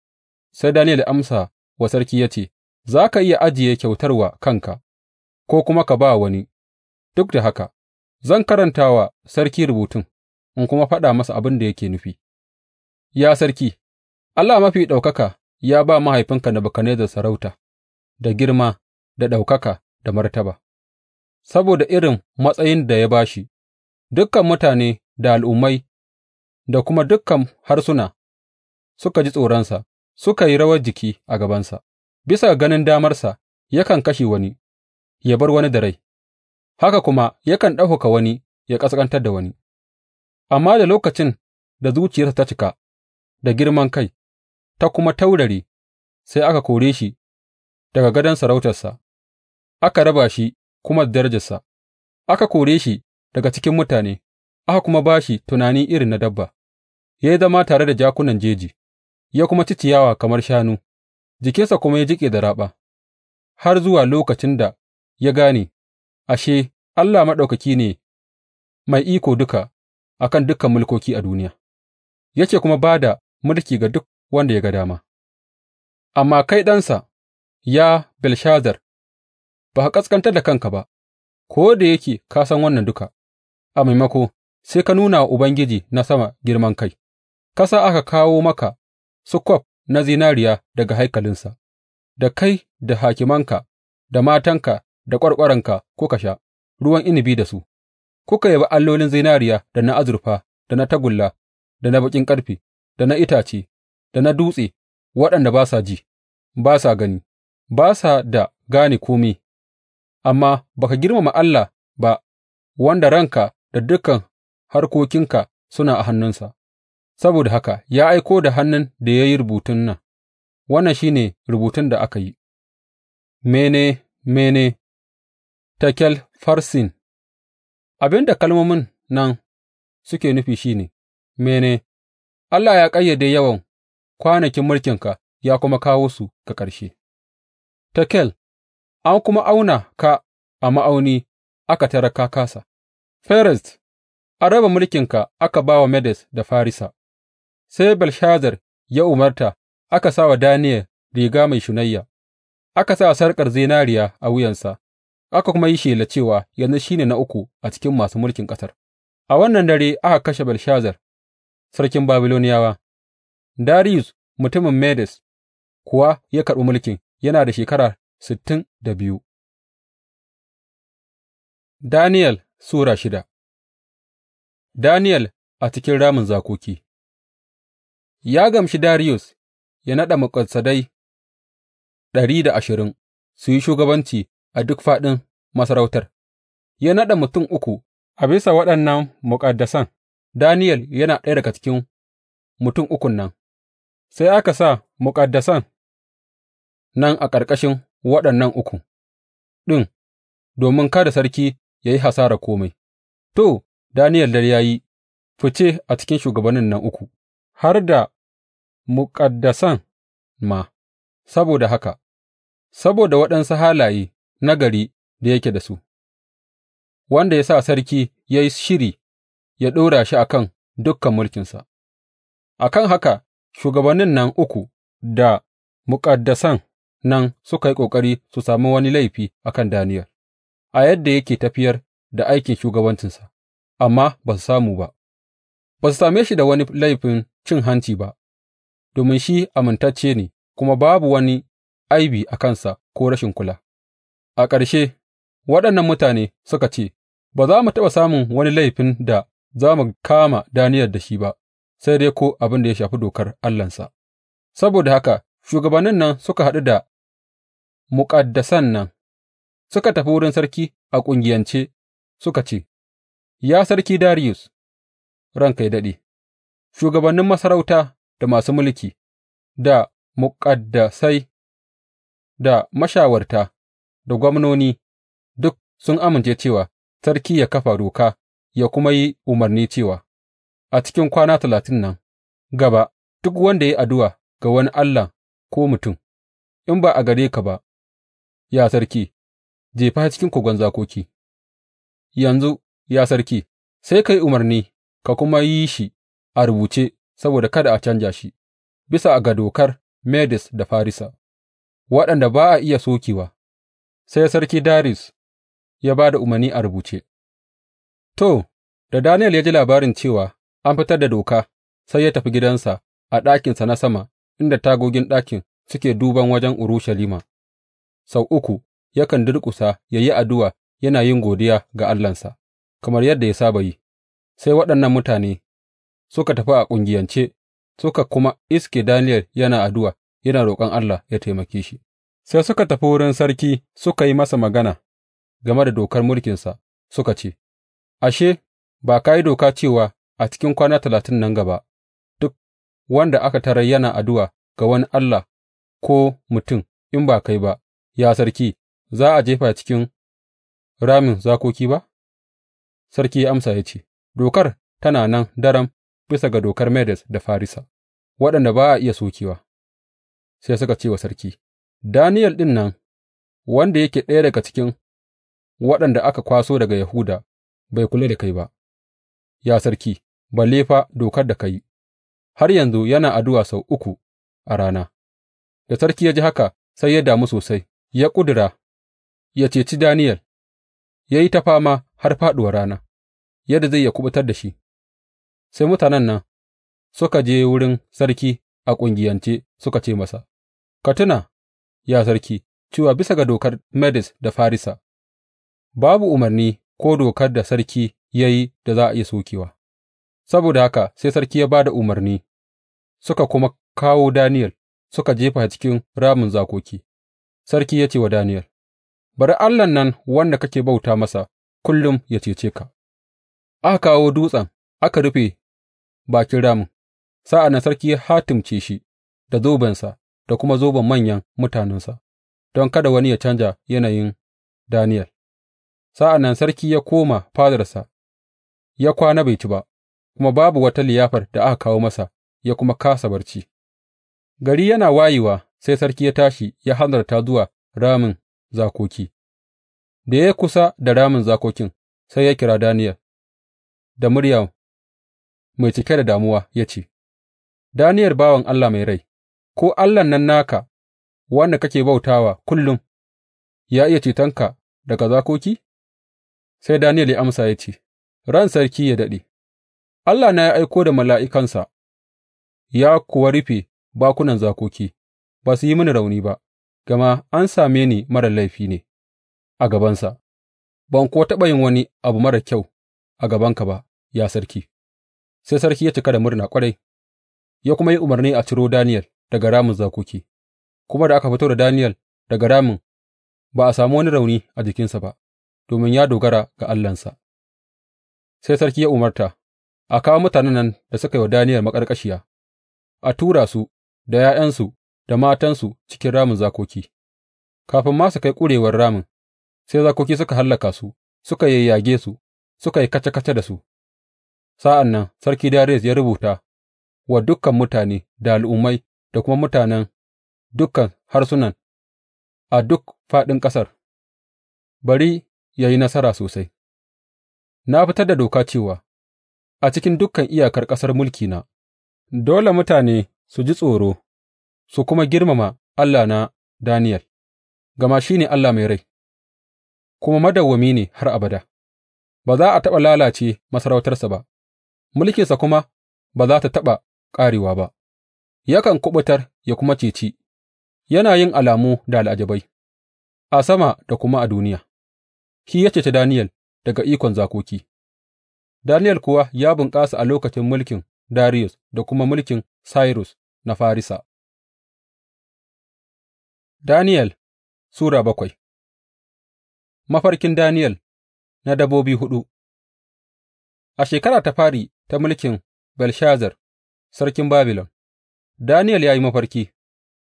Sai Daniyel ya amsa wa sarki ya ce, Za ka iya ajiye kyautar wa kanka, ko kuma ka ba wani, duk da haka, zan karanta wa sarki rubutun in kuma faɗa masa abin da yake nufi. Ya sarki, Allah mafi ɗaukaka ya ba mahaifinka da sarauta, da girma, da ɗaukaka, da martaba, saboda irin matsayin da ya ba shi. Dukan mutane da al'ummai da kuma dukan harsuna suka ji tsoronsa suka yi rawar jiki a gabansa; bisa ga ganin damarsa yakan kashe wani, ya bar wani da rai, haka kuma yakan ɗaukaka wani ya ƙasƙantar da wani, amma da lokacin da zuciyarsa ta cika da girman kai ta kuma taurare, sai aka kore shi daga gadon sarautarsa, aka raba shi kuma darajarsa, aka kore shi. daga cikin mutane, aka kuma ba shi tunani irin na dabba, ya yi zama tare da jakunan jeji, ya kuma ci ciyawa kamar shanu, jikinsa kuma ya jiƙe da raɓa, har zuwa lokacin da ya gane, ashe, Allah Maɗaukaki ne mai iko duka a kan dukan mulkoki a duniya, yake kuma ba da mulki ga duk wanda ya ga dama. Amma kai ɗansa, ya Belshazar, ba ka ƙasƙantar da kanka ba, ko da yake ka san wannan duka. a maimako, sai ka nuna wa Ubangiji na sama girman kai, ka sa aka kawo maka kwaf na zinariya daga haikalinsa, da kai da hakimanka, da matanka, da ƙwarƙwaranka kuka sha ruwan inabi da su, kuka yabi allolin zinariya da na azurfa, da na tagulla, da na baƙin ƙarfe, da na itace, da na dutse, waɗanda ba sa ji, ba sa gani, ba sa da gane kome, amma ba ka girmama Allah ba, wanda ranka da dukan harkokinka suna a hannunsa, saboda haka ya aiko da hannun da ya yi rubutun nan, wannan shi ne rubutun da aka yi, Mene, Mene, Tekel Farsin, abin da kalmomin nan suke nufi shi ne, Mene, Allah ya ƙayyade yawan kwanakin mulkinka ya kuma kawo su ga ƙarshe. Tekel, an kuma auna ka a ma'auni aka tarar ka kāsa. Ferez, an raba mulkinka aka ba wa Medes da Farisa, sai Belshazar ya umarta aka sa wa Daniyel riga mai shunayya, aka sa sarƙar zinariya a wuyansa, aka kuma yi shela cewa yanzu shi ne na uku a cikin masu mulkin ƙasar. A wannan dare aka kashe Belshazar, sarkin Babiloniyawa, Dariyus mutumin Medes kuwa ya karɓi mulkin yana da shekara sittin da biyu. daniel Sura shida Daniyel a cikin ramin zakoki Ya gamshi Darius ya naɗa muƙaddasai ɗari da ashirin su yi shugabanci a duk faɗin masarautar, ya naɗa mutum uku a bisa waɗannan muƙaddasan, Daniyel yana ɗaya daga cikin mutum ukun nan, sai aka sa muƙaddasan nan a ƙarƙashin waɗannan uku. ɗin domin kada sarki ya yi hasarar kome, to, Daniyel dai ya yi fice a cikin shugabannin nan uku, har da muƙaddasan ma, saboda haka, saboda waɗansu halaye nagari da yake da su, wanda ya sa sarki ya yi shiri ya ɗora shi a kan dukan mulkinsa, a kan haka shugabannin nan uku da muƙaddasan nan suka yi ƙoƙari su sami wani laifi a kan Daniyel. a yadda yake tafiyar da aikin shugabancinsa, amma ba su samu ba, ba su same shi da wani laifin cin hanci ba, domin shi amintacce ne kuma babu wani aibi a kansa ko rashin kula. A ƙarshe, waɗannan mutane suka ce, Ba za mu taɓa samun wani laifin da za mu kama daniyar da shi ba, sai dai ko abin da ya shafi dokar Allahnsa. Saboda haka, shugabannin nan suka haɗu da muƙaddasan nan suka tafi wurin sarki a ƙungiyance suka ce, Ya Sarki Dariyus, ranka yă daɗe, shugabannin masarauta da masu mulki, da muƙaddasai, da mashawarta, da gwamnoni, duk sun amince cewa sarki ya kafa doka ya kuma yi umarni cewa, A cikin kwana talatin nan gaba, duk wanda ya yi addu'a ga wani allah ko mutum, in ba a gare ka ba, ya sarki, jefa shi cikin kogon zakoki, yanzu, ya sarki, sai ka yi umarni ka kuma yi shi a rubuce saboda kada a canja shi, bisa ga dokar Medes da Farisa, waɗanda ba a iya sokewa, sai sarki Daris ya ba da umarni a rubuce. To, da daniel ya ji labarin cewa an fitar da doka, sai ya tafi gidansa a ɗakinsa na sama, inda tagogin ɗakin suke duban wajen Urushalima, sau uku yakan durƙusa ya yi addu'a yana yin godiya ga Allahnsa, kamar yadda ya saba yi, sai waɗannan mutane suka tafi a ƙungiyance suka kuma iske Daniyel yana addu'a yana roƙon Allah ya taimake shi. Sai suka tafi wurin sarki suka yi masa magana game da dokar mulkinsa suka ce, Ashe, ba ka yi doka cewa a cikin kwana talatin nan gaba, duk wanda aka tarar yana addu'a ga wani Allah ko mutum in ba kai ba, ya sarki, za a jefa cikin ramin zakoki ba? Sarki ya amsa ya ce, Dokar tana nan daram bisa ga dokar Medes da Farisa, waɗanda ba a iya sokewa. Sai suka ce wa sarki, Daniyal ɗin nan, wanda yake ɗaya daga cikin waɗanda aka kwaso daga Yahuda, bai kula da kai ba, ya sarki, balle fa dokar da ka yi, har yanzu yana addu'a sau uku a rana. Da sarki ya ji haka sai ya damu sosai, ya ƙudura ya ceci Daniyel, ya yi ta fama har fāɗuwar rana, yadda zai iya kuɓutar da shi, sai mutanen nan suka je wurin sarki a ƙungiyance suka ce masa, Ka tuna, ya sarki, cewa bisa ga dokar Medes da Farisa, babu umarni ko dokar da sarki ya yi da za a iya sokewa, saboda haka sai sarki ya ba da umarni, suka kuma kawo Daniyel suka jefa cikin ramin zakoki, sarki ya ce wa Daniyel. Bari Allahn nan wanda kake bauta masa kullum ya cece ka. Aka kawo dutsen aka rufe bakin ramin, sa'an nan sarki ya hatimce shi da zobensa da kuma zoben manyan mutanensa, don kada wani ya canja yanayin daniel Sa'an nan sarki ya koma fadarsa, ya kwana bai ci ba, kuma babu wata liyafar da aka kawo masa ya kuma kasa barci. Gari yana wayewa sai sarki ya tashi ya hanzarta zuwa ramin zakoki Da ya yi kusa da ramin zakokin, sai ya kira Daniyel da murya mai cike da damuwa ya ce, Daniyel bawan Allah mai rai, ko Allah nan naka, wanda kake bautawa kullum, ya iya cetonka daga zakoki? Sai Daniyel ya amsa ya ce, Ran sarki ya daɗe, allah na ya aiko da mala'ikansa, ya kuwa rufe bakunan zakoki, ba su yi mini rauni ba. gama an same ni marar laifi ne a gabansa, ban kuwa taɓa yin wani abu marar kyau a gabanka ba, ya sarki. Sai sarki ya cika da murna ƙwarai, ya kuma yi umarni a ciro Daniyel daga ramin zakoki, kuma da aka fito da Daniyel daga ramin ba a sami wani rauni a jikinsa ba, domin ya dogara ga Allahnsa. Sai sarki ya umarta, a kawo mutanen nan da suka yi wa Daniyel maƙarƙashiya, a tura su da ’ya'yansu da matansu cikin ramin zakoki, kafin ma su kai ƙurewar ramin, sai zakoki suka hallaka su, suka yayyage su, suka yi kaca kaca da su. Sa'an nan Sarki Dariyus ya rubuta wa dukan mutane da al'ummai da kuma mutanen dukan harsunan a duk faɗin ƙasar, Bari ya yi nasara sosai, na fitar da doka cewa a cikin dukkan iyakar ƙasar mulkina, dole mutane su ji tsoro su kuma girmama Allah na Daniyel, gama shi ne Allah mai rai, kuma madawwami ne har abada, ba za a taɓa lalace masarautarsa ba, mulkinsa kuma ba za ta taɓa ƙarewa ba, yakan kuɓutar ya kuma ceci, yana yin alamu da al'ajabai, a sama da kuma a duniya, shi ya ceci Daniyel daga ikon zakoki, Daniyel kuwa ya bunƙasa a lokacin mulkin Darius da kuma mulkin Sairus na Farisa. Daniyel Sura bakwai Mafarkin Daniyel na dabbobi hudu. A shekara ta fari ta mulkin Belshazar sarkin Babilon, Daniyel ya yi mafarki,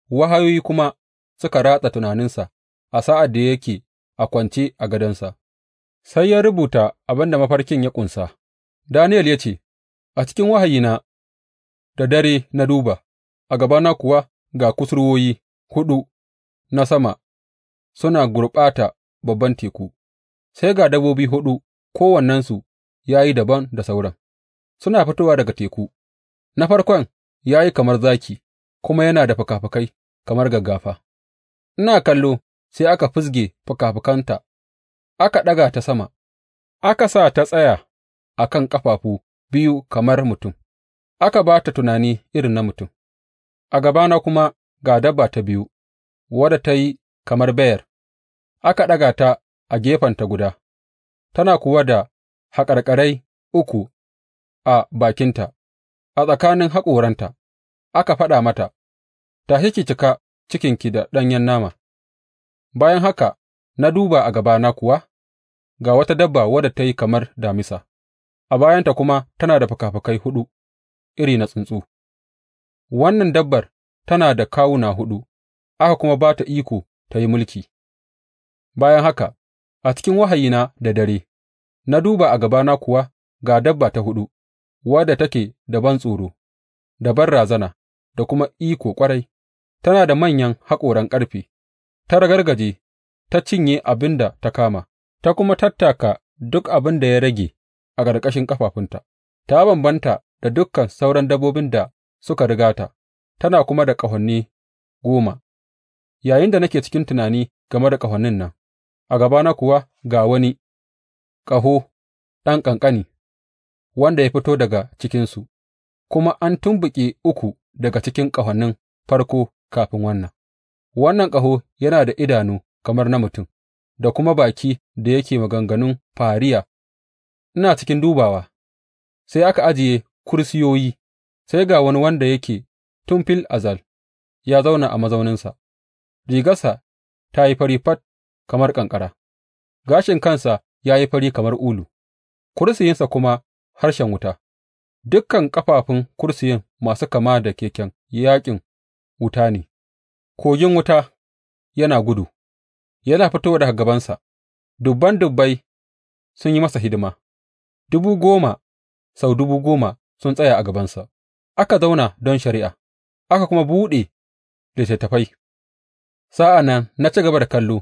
wahayoyi kuma suka ratsa tunaninsa a sa'ad da yake a kwance a gadonsa, sai ya rubuta abin da mafarkin ya ƙunsa, Daniyel ya ce, A cikin wahayina da dare na duba, a gabana kuwa ga kusurwoyi huɗu. na sama suna gurɓata babban teku, sai ga dabbobi huɗu kowannensu ya yi dabam da sauran, suna fitowa daga teku, na farkon ya yi kamar zaki kuma yana da fikafikai kamar gaggafa, ina kallo sai aka fizge fikafikanta, aka ɗaga ta sama, aka sa ta tsaya a kan ƙafafu biyu kamar mutum, aka ba ta tunani irin na mutum, a gabana kuma ga dabba ta biyu. wadda ta yi kamar beyar, aka ɗaga ta a gefenta guda, tana kuwa da haƙarƙarai uku a bakinta, a tsakanin haƙoranta, aka faɗa mata, ta hiki cika cikinki da ɗanyen nama, bayan haka na duba a gabana kuwa, ga wata dabba wadda ta yi kamar damisa, a bayanta kuma tana da fikafikai huɗu iri na tsuntsu, wannan dabbar tana da kawuna huɗu. aka kuma ba ta iko ta yi mulki, bayan haka, a cikin wahayina da dare, na duba a gabana kuwa ga dabba ta huɗu, wadda take da bantsoro, da banrazana, da kuma iko ƙwarai, tana da manyan haƙoran ƙarfe, ta ragargaje, ta cinye abin da ta kama, ta kuma tattaka duk abin da ya rage a ƙarƙashin ƙafafunta, ta bambanta da dukkan sauran dabbobin da suka riga ta, tana kuma da ƙahoni goma. Yayinda nake cikin tunani game da ƙahonin nan, a gabana kuwa ga wani ƙaho ɗan ƙanƙani wanda ya fito daga cikinsu, kuma an tumɓuke uku daga cikin ƙahonin farko kafin wannan, wannan ƙaho yana da idanu kamar na mutum da kuma baki da yake maganganun fariya, ina cikin dubawa, sai aka ajiye kursiyoyi, sai ga wani wanda yake tun fil azal ya zauna a mazauninsa. rigarsa ta yi fari fat kamar ƙanƙara, gashin kansa ya yi fari kamar ulu, kursiyinsa kuma harshen wuta, dukan ƙafafun kursiyin masu kama da keken yaƙin wuta ne, kogin wuta yana gudu, yana fitowa daga gabansa, dubban dubbai sun yi masa hidima, dubu goma sau dubu goma sun tsaya a gabansa, aka zauna don shari'a, aka kuma buɗe littattafai. Sa'an nan na ci gaba da kallo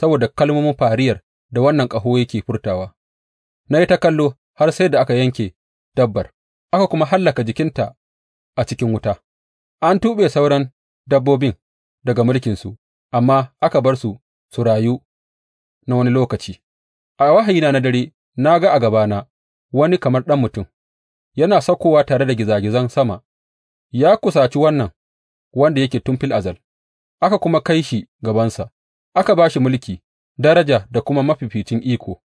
saboda kalmomin fariyar da wannan ƙaho yake furtawa, na yi ta kallo har sai da aka yanke dabbar, aka kuma hallaka jikinta a cikin wuta, an tuɓe sauran dabbobin daga mulkinsu, amma aka bar su su rayu na wani lokaci. A wahayina na dare na ga a gabana wani kamar ɗan mutum, yana saukowa tare da gizagizan sama, ya kusaci wannan wanda yake tun fil azal. aka kuma kai shi gabansa, aka ba shi mulki, daraja da kuma mafificin iko;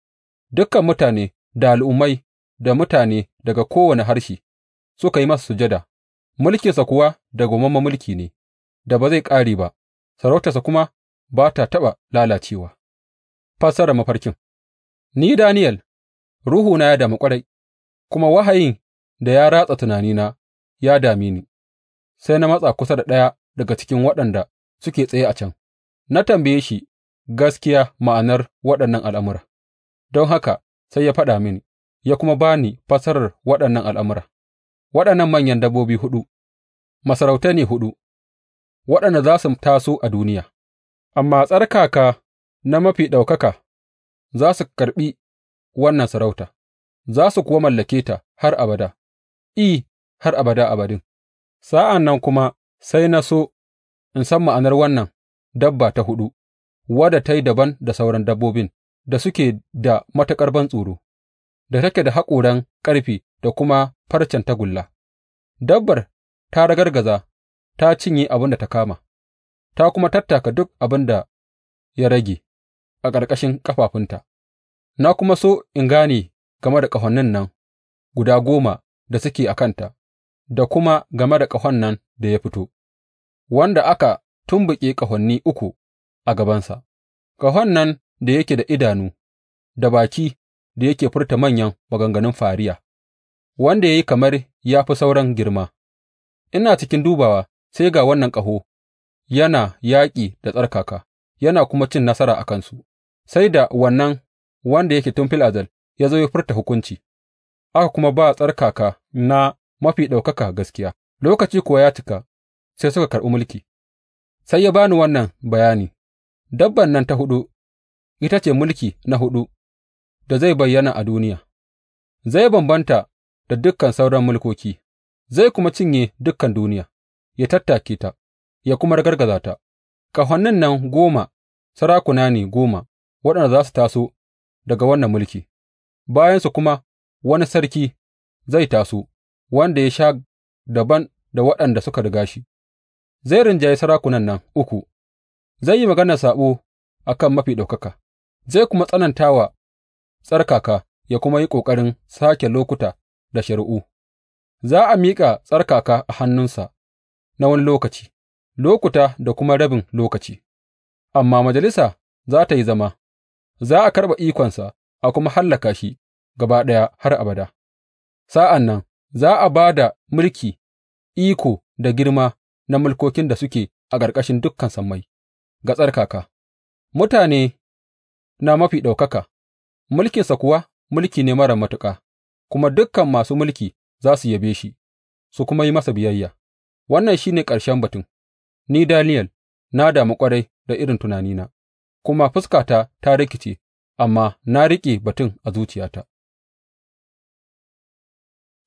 dukan mutane da al'ummai da mutane daga kowane harshe suka yi masa sujada, mulkinsa kuwa dawwammamen mulki ne da ba zai ƙare ba, sarautarsa kuma ba ta taɓa lalacewa. Fassara mafarkin Ni, Daniyel, ruhuna ya damu ƙwarai, kuma wahayin da ya ratsa tunanina ya dami ni, sai na matsa kusa da ɗaya daga cikin waɗanda suke tsaye a can, na tambaye shi gaskiya ma'anar waɗannan al'amura, don haka sai ya faɗa mini, ya kuma ba ni fassarar waɗannan al'amura, waɗannan manyan dabbobi huɗu, masarauta ne huɗu, waɗanda za su taso a duniya, amma tsarkaka na mafi ɗaukaka za su karɓi wannan sarauta, za su kuwa mallake ta har abada, I, har abada abadin. Sa'an nan kuma sai na so in san ma'anar wannan dabba ta huɗu, wadda ta yi dabam da sauran dabbobin da suke da matuƙar bantsoro, da take da haƙoran ƙarfe da kuma farcen tagulla, dabbar ta ragargaza ta cinye abin da ta kama, ta kuma tattaka duk abin da ya rage a ƙarƙashin ƙafafunta, na kuma so in gane game da ƙahonin nan guda goma da suke a kanta, da kuma game da ƙahon nan da ya fito. wanda aka tumɓuke ƙahoni uku a gabansa, ƙahon nan da yake da idanu, da baki da yake furta manyan maganganun fariya, wanda ya yi kamar ya fi sauran girma, ina cikin dubawa sai ga wannan ƙaho yana yaƙi da tsarkaka, yana kuma cin nasara a kansu, sai da wannan wanda yake tun fil ya zo ya furta hukunci, aka kuma ba tsarkaka na mafi ɗaukaka gaskiya, lokaci kuwa ya cika, sai suka karɓi mulki, sai ya ba ni wannan bayani, Dabban nan ta huɗu ita ce mulki na huɗu da zai bayyana a duniya, zai bambanta da dukan sauran mulkoki, zai kuma cinye dukan duniya, ya tattake ta, ya kuma ragargaza ta, ƙahonin nan goma sarakuna ne goma waɗanda za su taso daga wannan mulki, bayansu kuma wani sarki zai taso wanda ya sha daban da waɗanda suka riga shi. Zai rinjayi sarakunan nan uku, zai yi maganar saɓo a kan Mafi Ɗaukaka, zai kuma tsananta wa tsarkaka ya kuma yi ƙoƙarin sake lokuta da shari'u; za a miƙa tsarkaka a hannunsa na wani lokaci, lokuta da kuma rabin lokaci, amma majalisa za ta yi zama, za a karɓa ikonsa a kuma hallaka shi gaba ɗaya har abada, sa'an nan za a ba da mulki, iko da girma na mulkokin da suke a ƙarƙashin dukan sammai ga tsarkaka, mutane na mafi ɗaukaka, mulkinsa kuwa mulki ne marar matuƙa, kuma dukkan masu mulki za su yabe shi, su kuma yi masa biyayya. Wannan shi ne ƙarshen batun, ni Daniyel na damu ƙwarai da irin tunanina, kuma fuskata ta rikice, amma na riƙe batun a zuciyata.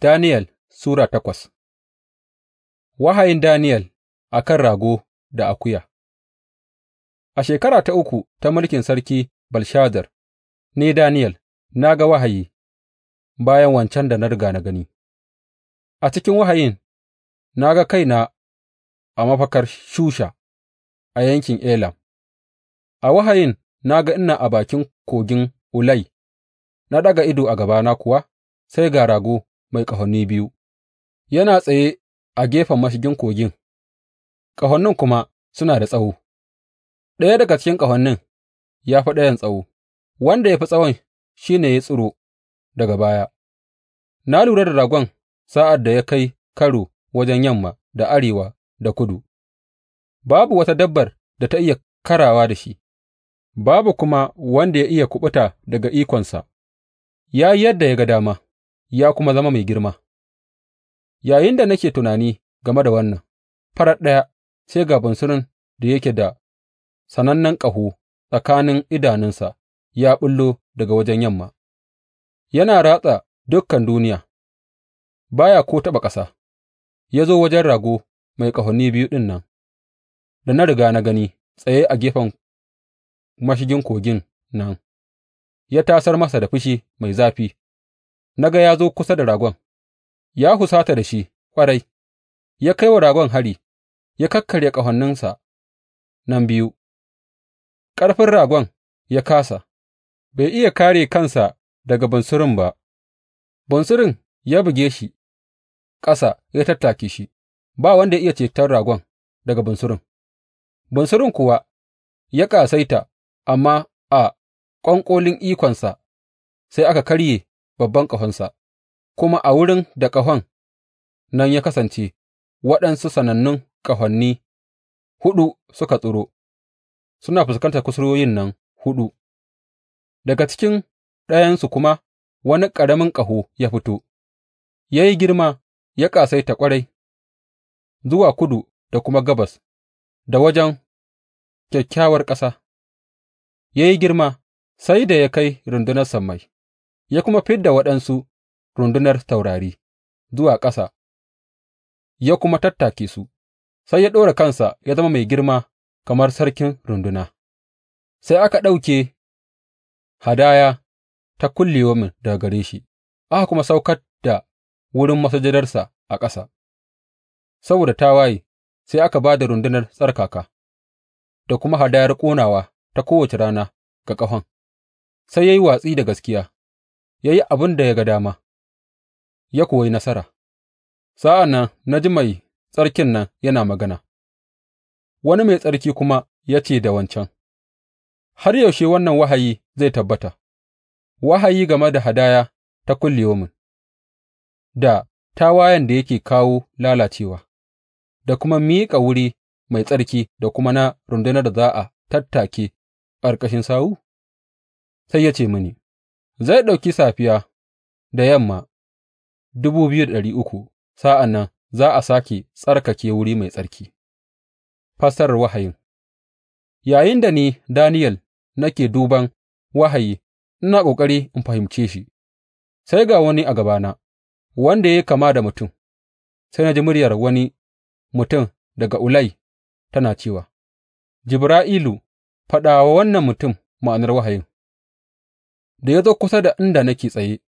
Daniyel Sura takwas Wahayin Daniyel a kan rago da akuya A shekara ta uku ta mulkin Sarki Belshazar, ni Daniyel na ga wahayi bayan wancan da na riga na gani, a cikin wahayin na ga kaina a mafakar Shusha a yankin Elam, a wahayin na ga ina a bakin kogin Ulai, na ɗaga ido a gabana kuwa sai ga rago mai ƙahoni biyu yana tsaye a gefen mashigin kogin, ƙahonin kuma suna da tsawo, ɗaya daga cikin ƙahonin ya fi ɗayan tsawo, wanda ya fi tsawon shi ne ya tsiro daga baya. Na lura da ragon sa'ad da ya kai karo wajen yamma da arewa da kudu, babu wata dabbar da ta iya karawa da shi, babu kuma wanda ya iya kuɓuta daga ikonsa, ya yi yadda ya ga dama, ya kuma zama mai girma. Yayinda nake tunani game da wannan, farar ɗaya sai ga bunsurun da yake da sanannen ƙaho tsakanin idanunsa ya ɓullo daga wajen yamma, yana ratsa dukkan duniya, ba ya ko taɓa ƙasa, ya zo wajen rago mai ƙahoni biyu ɗin nan da na riga na gani tsaye a gefen mashigin kogin nan, ya tasar masa da fushi mai zafi, na ga ya zo kusa da ragon. ya husata da shi ƙwarai, ya kai wa ragon hari, ya kakkarya ƙahoninsa nan biyu, ƙarfin ragon ya kasa. bai iya kare kansa daga bunsurun ba, bunsurun ya buge shi ƙasa ya tattake shi, ba wanda ya iya ceton ragon daga bunsurun, bunsurun kuwa ya ƙasaita, amma a ƙwanƙolin ikonsa sai aka karye babban ƙahonsa. kuma a wurin da ƙahon nan ya kasance, waɗansu sanannun ƙahoni huɗu suka tsiro, suna fuskantar kusurwoyin nan huɗu, daga cikin ɗayansu kuma wani ƙaramin ƙaho ya fito, ya yi girma ya ƙasaita ƙwarai zuwa kudu da kuma gabas da wajen kyakkyawar ƙasa, ya yi girma sai da ya kai rundunar sammai, ya kuma fidda waɗansu rundunar taurari zuwa ƙasa ya kuma tattake su, sai ya ɗora kansa ya zama mai girma kamar sarkin runduna, sai aka ɗauke hadaya ta kulliyomin daga gare shi, aka kuma saukar da wurin masujadarsa a ƙasa, saboda tawaye sai aka ba da rundunar tsarkaka da kuma hadayar ƙonawa ta kowace rana ga ƙahon, sai ya yi watsi da gaskiya, ya yi abin da ya ga dama. ya kuwa yi nasara, sa'an nan na ji Mai Tsarkin nan yana magana, wani mai tsarki kuma ya ce da wancan, Har yaushe wannan wahayi zai tabbata, wahayi game da hadaya ta kulliyomin, da tawayen da yake kawo lalacewa, da kuma miƙa wuri mai tsarki da kuma na rundunar da za a tattake ƙarƙashin sawu? Sai ya ce mini, Zai ɗauki safiya da yamma sa'an nan za a sāke tsarkake wuri mai tsarki Fassarar wahayin Yayin da ni, Daniyel, nake duban wahayi ina ƙoƙari in fahimce shi, sai ga wani a gabana, wanda ya yi kama da mutum, sai na ji muryar wani mutum daga Ulai tana cewa, Jibra'ilu, faɗawa wannan mutum ma'anar wahayin, da ya zo kusa da inda nake tsaye.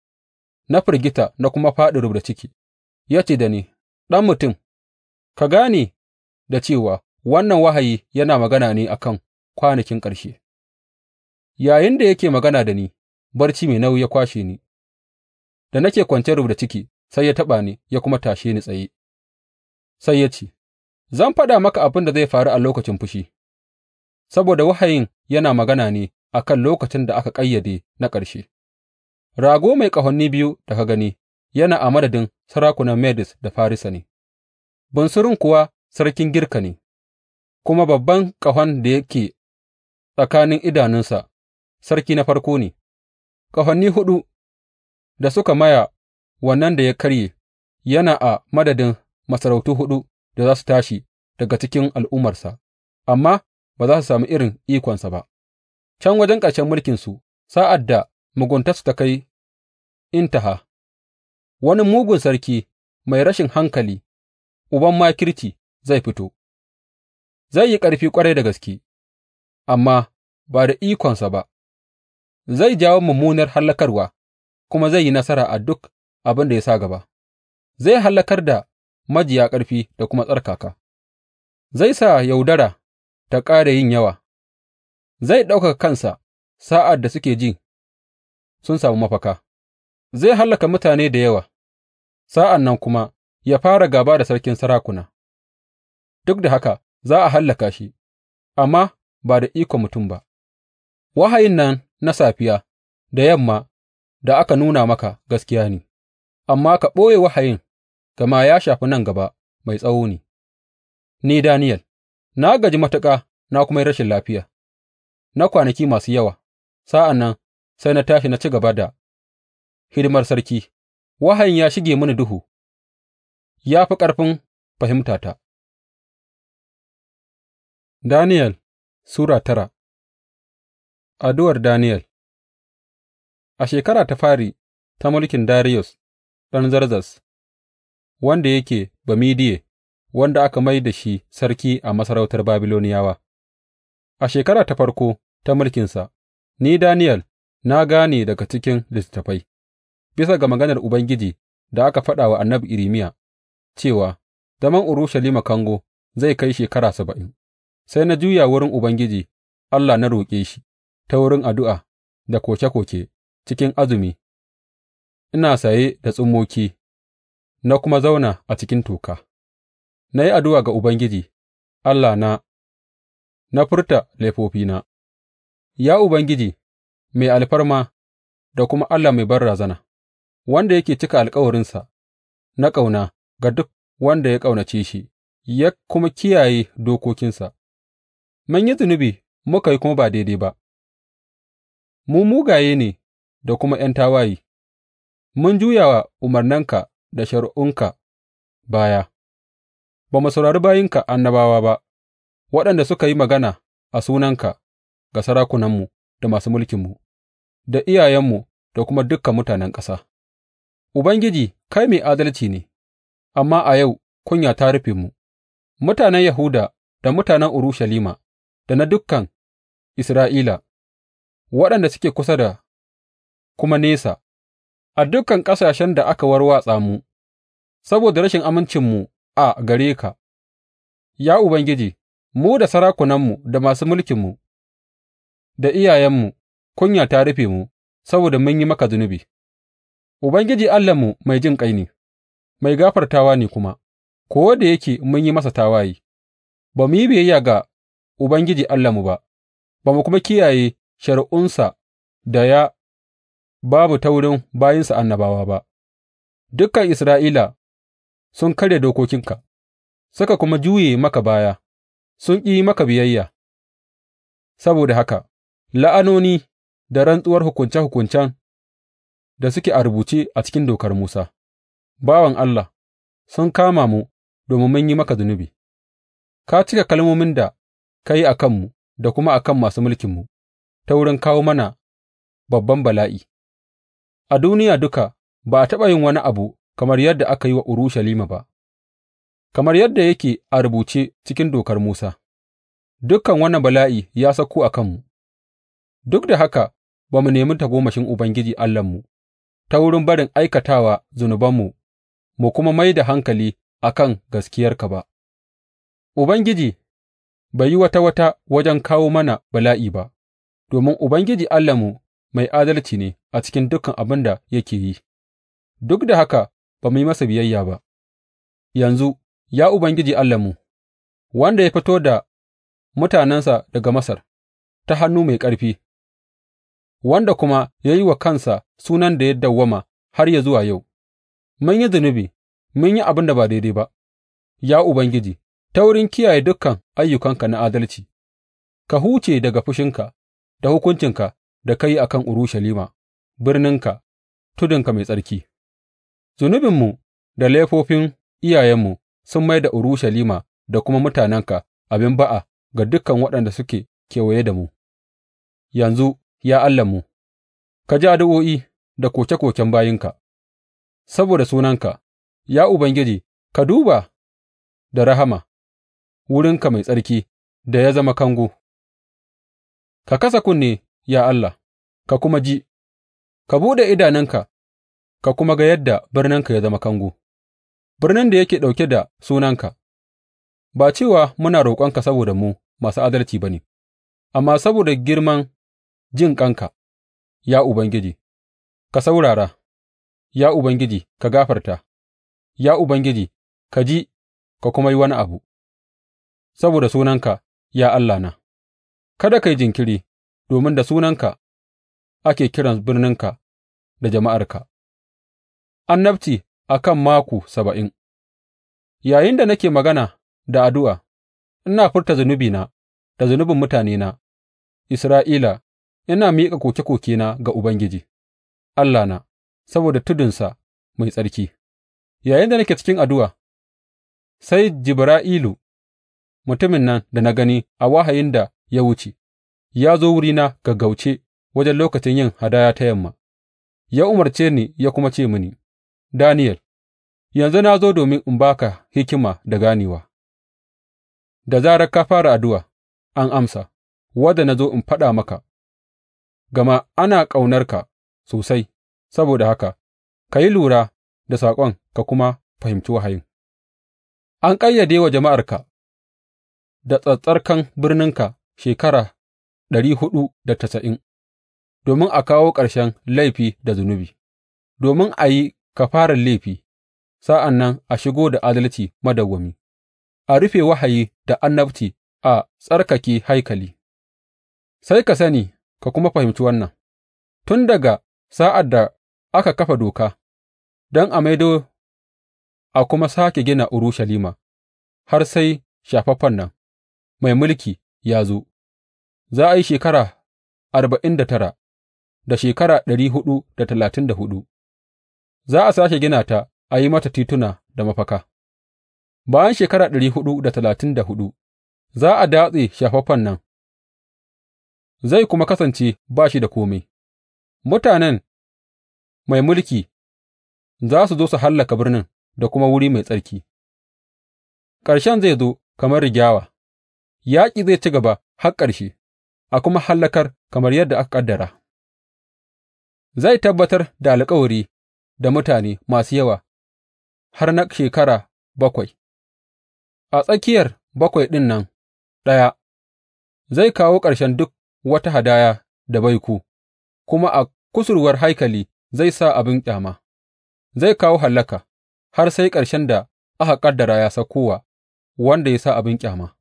na firgita na kuma fāɗi rubda ciki, ya ce da ni, Ɗan mutum, ka gane da cewa wannan wahayi yana magana ne a kan kwanakin ƙarshe. Yayinda yake magana da ni, barci mai nauyi ya kwashe ni, da nake kwance rubda ciki sai ya taɓa ni ya kuma tashe ni tsaye, sai ya ce, Zan faɗa maka abin da zai faru a lokacin fushi, saboda wahayin yana magana ne a kan lokacin da aka ƙayyade na ƙarshe. Rago mai ƙahoni biyu da ka gani yana a madadin sarakunan Medes da Farisa ne, bunsurun kuwa sarkin Girka ne, kuma babban ƙahon da yake tsakanin idanunsa sarki na farko ne, ƙahoni huɗu da suka maya wannan da ya karye yana a madadin masarautu huɗu da za su tashi daga cikin al'ummarsa, amma ba za su sami irin ikonsa ba can wajen ƙarshen mulkinsu sa'ad da. muguntarsu ta kai intaha, wani mugun sarki mai rashin hankali, uban makirci zai fito, zai yi ƙarfi ƙwarai da gaske, amma ba da ikonsa ba, zai jawo mummunar hallakarwa kuma zai yi nasara a duk abin da ya sa gaba, zai hallakar da majiya ƙarfi da kuma tsarkaka, zai sa yaudara ta ƙara yin yawa, zai ɗaukaka kansa sa'ad da suke jin sun sami mafaka, zai hallaka mutane da yawa, sa'an nan kuma ya fara gaba da sarkin sarakuna, duk da haka za a hallaka shi, amma ba da ikon mutum ba. Wahayin nan na safiya da yamma da aka nuna maka gaskiya ne, amma ka ɓoye wahayin, gama ya shafi nan gaba mai tsawo ne. Ni daniel na gaji matuƙa na kuma yi rashin lafiya, na kwanaki masu yawa, sa'an nan sai na tashi na ci gaba da hidimar sarki; wahayin ya shige mini duhu ya fi ƙarfin fahimtata. Daniyel Sura tara Addu'ar Daniyel A shekara ta fari ta mulkin Darius, ɗan Zarzas, wanda yake Bamidiye, wanda aka mai da shi sarki a masarautar Babiloniyawa, a shekara ta farko ta mulkinsa, ni daniel na gane daga cikin littattafai, bisa ga maganar Ubangiji da aka faɗa wa annabi Irmiya, cewa zaman Urushalima kango zai kai shekara saba'in, sai na juya wurin Ubangiji Allah na roƙe shi ta wurin addu'a da koke-koke cikin azumi, ina saye da tsummoki, na kuma zauna a cikin toka, na yi addu'a ga Ubangiji Allah na. na furta laifofina, Ya Ubangiji, mai alfarma da kuma Allah mai banrazana, wanda yake cika alkawarinsa na ƙauna ga duk wanda ya ƙaunace shi, ya kuma kiyaye dokokinsa. Mun yi zunubi muka yi kuma ba daidai ba, mu mugaye ne da kuma ’yan tawaye, mun juya wa umarnanka da shari'unka baya, ba mu saurari bayinka annabawa ba, waɗanda suka yi magana a sunanka ga sarakunanmu da masu mulkinmu. da iyayenmu da kuma dukan mutanen ƙasa, Ubangiji, kai mai adalci ne, amma a yau kunya ta rufe mu, mutanen Yahuda da mutanen Urushalima da na dukan Isra'ila, waɗanda suke kusa da kuma nesa, a dukan ƙasashen da aka warwatsa mu, saboda rashin amincinmu a gare ka, ya Ubangiji, mu da sarakunanmu da masu mulkinmu da iyayenmu kunya ta rufe mu saboda mun yi maka zunubi, Ubangiji Allahnmu mai jinƙai ne, mai gafartawa ne kuma, ko da yake mun yi masa tawaye, ba mu yi biyayya ga Ubangiji Allahnmu ba, ba mu kuma kiyaye shari'unsa da ya babu ta wurin bayinsa annabawa ba, dukan Isra'ila sun karya dokokinka, suka kuma juye maka baya, sun ƙi maka biyayya, saboda haka la'anoni da rantsuwar hukunce hukuncen da suke a rubuce a cikin Dokar Musa, bawan Allah, sun kama mu domin mun yi maka zunubi, ka cika kalmomin da ka yi a kanmu da kuma a kan masu mulkinmu ta wurin kawo mana babban bala'i. A duniya duka ba a taɓa yin wani abu kamar yadda aka yi wa Urushalima ba, kamar yadda yake a rubuce cikin Dokar Musa, dukan wannan bala'i ya sauko a kanmu, duk da haka ba mu nemi tagomashin Ubangiji Allahnmu ta wurin barin aikatawa zunubanmu mu kuma mai da hankali a kan gaskiyarka ba, Ubangiji bai yi wata-wata wajen kawo mana bala'i ba, domin Ubangiji Allahnmu mai adalci ne a cikin dukan abin da yake yi, duk da haka ba mu yi masa biyayya ba. Yanzu, ya Ubangiji Allahnmu, wanda ya fito da mutanensa daga Masar ta hannu mai ƙarfi. wanda kuma ya yi wa kansa sunan da ya dawwama har ya zuwa yau, mun yi zunubi, mun yi abin da ba daidai ba, ya Ubangiji, ta wurin kiyaye dukan ayyukanka na adalci, ka huce daga fushinka da hukuncinka da ka yi a kan Urushalima, birninka, tudunka mai tsarki. Zunubinmu da laifofin iyayenmu sun mai da Urushalima da kuma mutanenka abin ba'a ga dukan waɗanda suke kewaye da mu, yanzu Ya Allahnmu, ka ji addu'o'i da koke koken bayinka saboda sunanka; ya Ubangiji, ka duba da rahama wurinka mai tsarki da ya zama kango; ka kasa kunne, ya Allah, ka kuma ji; ka buɗe idanunka ka kuma ga yadda birninka ya zama kango, birnin da yake ɗauke da Sunanka, ba cewa muna roƙonka saboda mu masu adalci ba ne, amma saboda girman. jinƙanka, ya Ubangiji, ka saurara; ya Ubangiji, ka gafarta; ya Ubangiji, ka ji ka kuma yi wani abu, saboda sunanka, ya Allahna, kada ka yi jinkiri, domin da sunanka ake kiran birninka da jama'arka, annabci a kan maku saba'in Yayinda nake magana da addu'a, ina furta zunubina da zunubin mutanena Isra'ila. ina miƙa koke kokena ga Ubangiji Allahna saboda tudunsa mai tsarki; yayinda nake cikin addu'a, sai Jibra'ilu, mutumin nan da na gani a wahayin da ya wuce, ya zo wurina gaggauce wajen lokacin yin hadaya ta yamma, ya umarce ni ya kuma ce mini, daniel yanzu na zo domin in ba ka hikima da ganewa, da zarar ka fara addu'a, an amsa, wadda na zo in faɗa maka. gama ana ƙaunarka sosai, saboda haka ka yi lura da saƙon ka kuma fahimci wahayin; an ƙayyade wa jama'arka da tsattsarkan birninka shekara ɗari huɗu da tasa'in domin a kawo ƙarshen laifi da zunubi, domin a yi kafarar laifi, sa'an nan a shigo da adalci madawwami, a rufe wahayi da annabci a tsarkake haikali, sai ka sani ka kuma fahimci wannan, tun daga sa'ad da aka kafa doka don a maido a kuma sāke gina Urushalima har sai shafaffen nan, mai mulki ya zo, za a yi shekara arba'in da tara da shekara ɗari hudu da talatin da huɗu, za a sāke gina ta a yi mata tituna da mafaka. Bayan shekara ɗari hudu da talatin da hudu za a datse shafaffen nan. zai kuma kasance ba shi da kome, mutanen mai mulki za su zo su hallaka birnin da kuma wuri mai tsarki, ƙarshen zai zo kamar rigyawa, yaƙi zai ci gaba har ƙarshe, a kuma hallakar kamar yadda aka ƙaddara. Zai tabbatar da alkawari da mutane masu yawa har na shekara bakwai, a tsakiyar bakwai ɗin nan ɗaya, zai kawo ƙarshen duk wata hadaya da baiku, kuma a kusurwar haikali zai sa abin ƙyama, zai kawo hallaka har sai ƙarshen da aka ƙaddara ya sauko wa wanda ya sa abin ƙyama.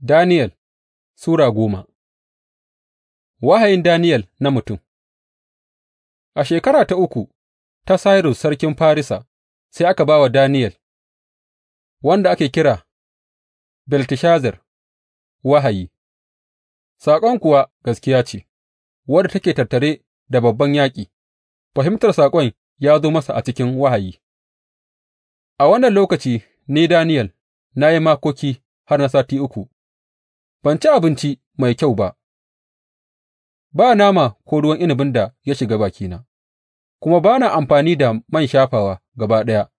Daniyel Sura goma Wahayin Daniyel na mutum A shekara ta uku ta Sairus sarkin Farisa, sai aka ba wa Daniyel, wanda ake kira Belteshazar, wahayi, saƙon kuwa gaskiya ce, wadda take tattare da babban yaƙi, fahimtar saƙon ya zo masa a cikin wahayi. A wannan lokaci ni Daniyel na yi makoki har na sati uku, ban ci abinci mai kyau ba, ba nama ko ruwan inabin da ya shiga bakina, kuma ba na amfani da man shafawa gaba ɗaya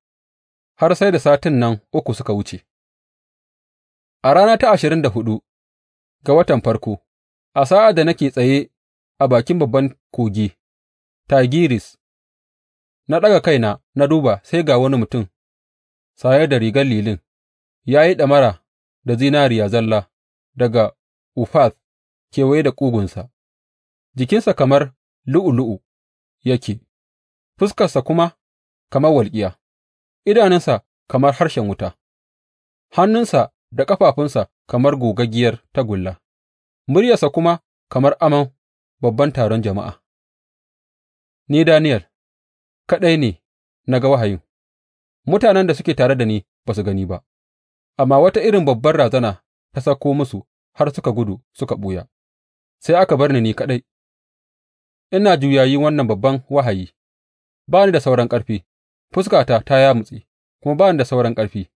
har sai da satin nan uku suka wuce. A rana ta ashirin da hudu ga watan farko, a sa'ad da nake tsaye a bakin babban kogi, Tigris, na ɗaga kaina na duba sai ga wani mutum saye da rigar lilin, ya yi ɗamara da zinariya zalla daga Ufaz kewaye da ƙugunsa, jikinsa kamar lu'u-lu'u lu'ulu'u yake, fuskarsa kuma kamar walƙiya, idanunsa kamar harshen wuta, hannunsa da ƙafafunsa kamar gogaggiyar tagulla, muryarsa kuma kamar amon babban taron jama'a. Ni, Daniyel, kaɗai ne na ga wahayin, mutanen da suke tare da ni ba su gani ba, amma wata irin babbar razana ta sauko musu har suka gudu suka ɓuya, sai aka bar ni ni kaɗai, ina juyayi wannan babban wahayi, ba ni da sauran ƙarfi, fuskata ta yamutse, kuma ba ni da sauran ƙarfi.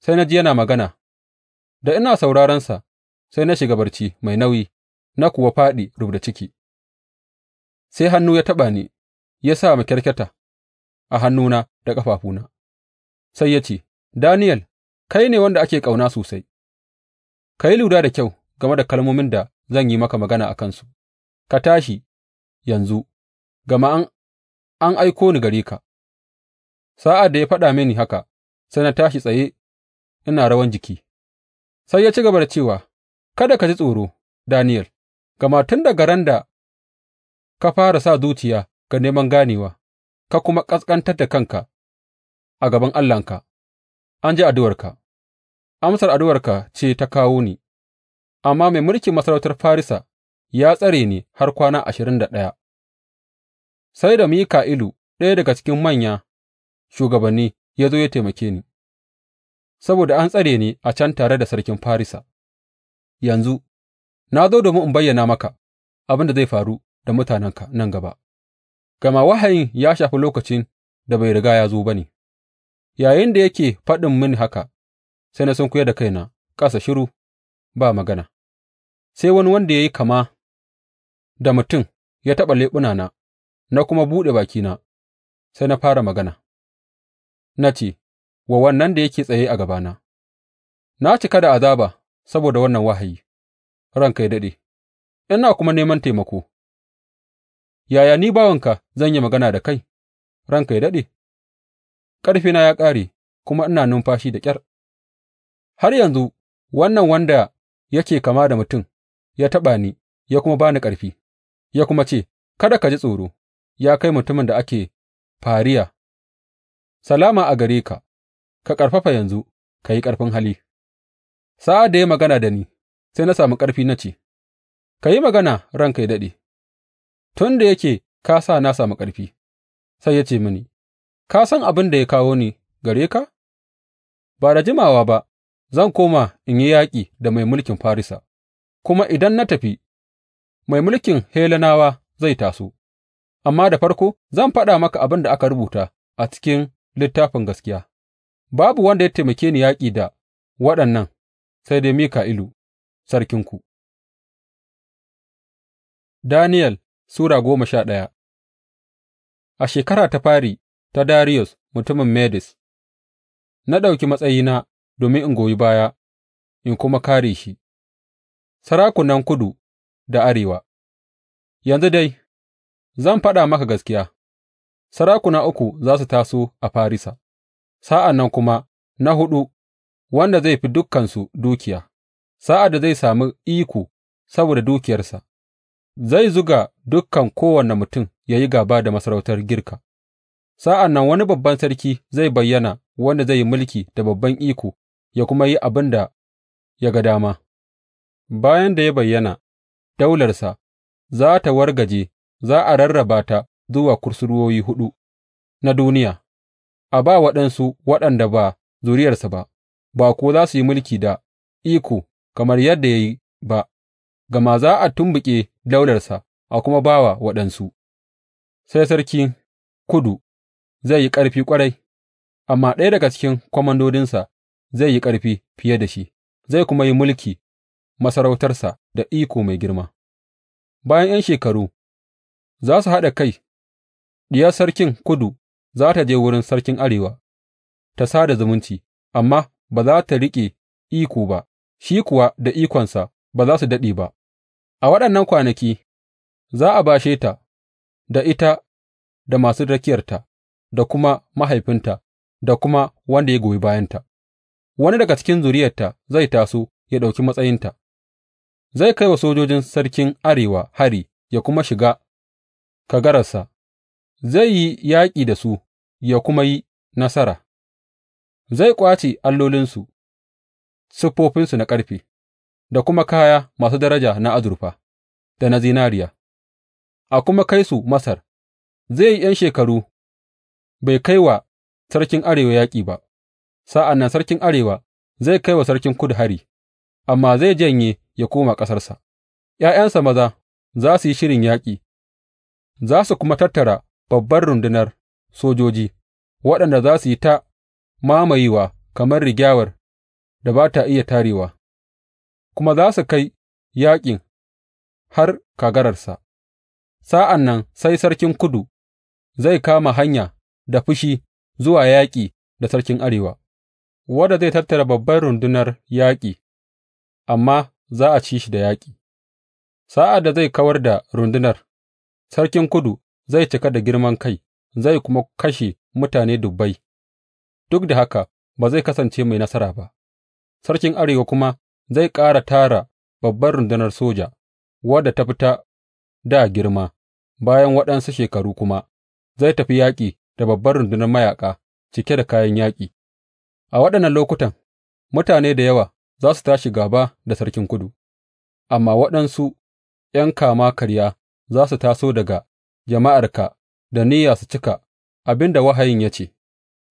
sai na ji yana magana, da ina sauraronsa, sai na shiga barci mai nauyi na kuwa fāɗi rubda ciki, sai hannu ya taɓa ni, ya sa makyarkyata a hannuna da ƙafafuna, sai ya ce, Daniyel, kai ne wanda ake ƙauna sosai, ka yi lura da kyau game da kalmomin da zan yi maka magana a kansu, ka tashi yanzu, gama an, an aiko ni gare ka. Sa'ad da ya faɗa mini haka, sai na tashi tsaye ina rawan jiki, sai ya ci gaba da cewa, Kada ka ji tsoro, Daniyel, gama tun daga ran da ka fara sa zuciya ga neman ganewa, ka kuma ƙasƙantar da kanka a gaban Allahnka, an ji addu'arka, amsar addu'arka ce ta kawo ni, amma mai mulkin masarautar Farisa ya tsare ni har kwana ashirin da ɗaya, sai da Mika'ilu, ɗaya daga cikin manya shugabanni, ya zo ya taimake ni. saboda an tsare ni a can tare da sarkin Farisa, yanzu na zo domin in bayyana maka abin da zai faru da mutanenka nan gaba, gama wahayin ya shafi lokacin da bai riga ya zo ba ne, yayin da yake faɗin mini haka, sai na sun da kaina ƙasa shiru ba magana, sai wani wanda ya yi kama da mutum ya taɓa na, na kuma buɗe bakina, sai na fara magana, na ce, wa wannan da yake tsaye a gabana, Na cika da azaba saboda wannan wahayi, ranka ya daɗe, ina kuma neman taimako, yaya ni bawanka zan yi magana da kai, ranka ya daɗe, ƙarfina ya ƙare kuma ina numfashi da ƙyar. Har yanzu wannan wanda yake kama da mutum ya taɓa ni ya kuma ba ni ƙarfi, ya kuma ce, Kada ka ji tsoro, ya kai mutumin da ake fariya, salama a gare ka. Ka ƙarfafa yanzu ka yi ƙarfin hali Sa'ad da ya magana da ni, sai na sami ƙarfi na ce, Ka yi magana ranka yă daɗe, tun da yake ka sa na sami ƙarfi, sai ya ce mini, Ka san abin da ya kawo ni gare ka? Ba da jimawa ba, zan koma in yi yaƙi da mai mulkin Farisa, kuma idan na tafi, mai mulkin Helenawa zai taso, amma da farko zan faɗa maka abin da aka rubuta a cikin littafin gaskiya. Babu wanda ya taimake ni yaƙi da waɗannan sai dai Mika'ilu sarkinku. Daniyel Sura goma sha ɗaya. A shekara ta fari ta Darius mutumin Medes, na ɗauki matsayina domin in goyi baya in kuma kare shi, sarakunan kudu da arewa Yanzu dai, zan faɗa maka gaskiya; sarakuna uku za su taso a Farisa. sa'an nan kuma na huɗu, wanda zai fi dukansu dukiya, sa'ad da zai sami iko saboda dukiyarsa, zai zuga dukan kowane mutum ya yi gaba da masarautar Girka, sa'an nan wani babban sarki zai bayyana wanda zai yi mulki da babban iko ya kuma yi abin da ya ga dama. Bayan da ya bayyana, daularsa za tă wargaje, za a rarraba ta zuwa kusurwoyi huɗu na duniya. a ba waɗansu waɗanda ba zuriyarsa ba, ba ko za su yi mulki da iko kamar yadda ya yi ba, gama za a tumɓuke daularsa a kuma ba wa waɗansu, sai sarkin kudu zai yi ƙarfi ƙwarai, amma ɗaya daga cikin kwamandodinsa zai yi ƙarfi fiye da shi, zai kuma yi mulki masarautarsa da iko mai girma. Bayan ’yan shekaru, za su haɗa kai, diyar sarkin kudu za tă je wurin sarkin arewa ta sada zumunci, amma ba za ta riƙe iko ba, shi kuwa da ikonsa ba za su daɗe ba, a waɗannan kwanaki za a bashe ta da ita da masu rakiyarta da kuma mahaifinta da kuma wanda ya goyi bayanta, wani daga cikin zuriyarta zai taso ya ɗauki matsayinta, zai kai wa sojojin sarkin arewa hari ya kuma shiga kagararsa, zai yi yaƙi da su ya kuma yi nasara; zai ƙwace allolinsu, siffofinsu na ƙarfe, da kuma kaya masu daraja na azurfa da na zinariya, a kuma kai su Masar, zai yi ’yan shekaru bai kai wa sarkin Arewa yaƙi ba, sa'an nan sarkin Arewa zai kai wa sarkin Kudu hari, amma zai janye ya koma ƙasarsa, ’ya'yansa maza za su yi shirin yaƙi, za su kuma tattara babbar rundunar. sojoji, waɗanda za su yi ta mamayewa kamar rigyawar da ba ta iya tarewa, kuma za su kai yaƙin har kagararsa, sa'an nan sai sarkin kudu zai kama hanya da fushi zuwa yaƙi da sarkin arewa, Wadda zai tattara babbar rundunar yaƙi, amma za a ci shi da yaƙi. Sa'ad da zai kawar da rundunar, sarkin kudu zai cika da girman kai, zai kuma kashe mutane dubbai, duk da haka ba zai kasance mai nasara ba, sarkin arewa kuma zai ƙara tara babbar rundunar soja, wadda ta fita da girma, bayan waɗansu shekaru kuma zai tafi yaƙi da babbar rundunar mayaƙa cike da kayan yaƙi. A waɗannan lokutan, mutane da yawa za su tashi gāba da sarkin kudu, amma waɗansu ’yan kama karya za su taso daga jama'arka da niyya su cika abin da wahayin ya ce,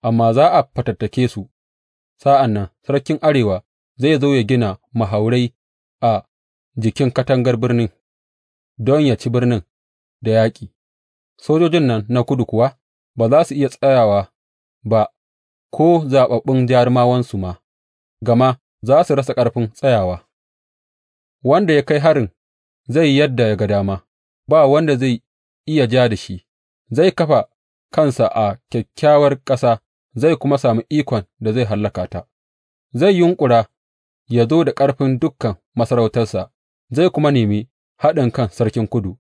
amma za a fatattake su, sa'an nan sarkin Arewa zai zo ya gina mahaurai a jikin katangar birnin don ya ci birnin da yaƙi, sojojin nan na kudu kuwa ba za su iya tsayawa ba ko zaɓaɓɓun jarumawansu ma, gama za su rasa ƙarfin tsayawa. Wanda ya kai harin zai yadda ya ga dama, ba wanda zai iya ja da shi, zai kafa kansa a kyakkyawar ƙasa zai kuma sami ikon da zai hallaka ta, zai yunƙura ya zo da ƙarfin dukan masarautarsa, zai kuma nemi haɗin kan sarkin kudu,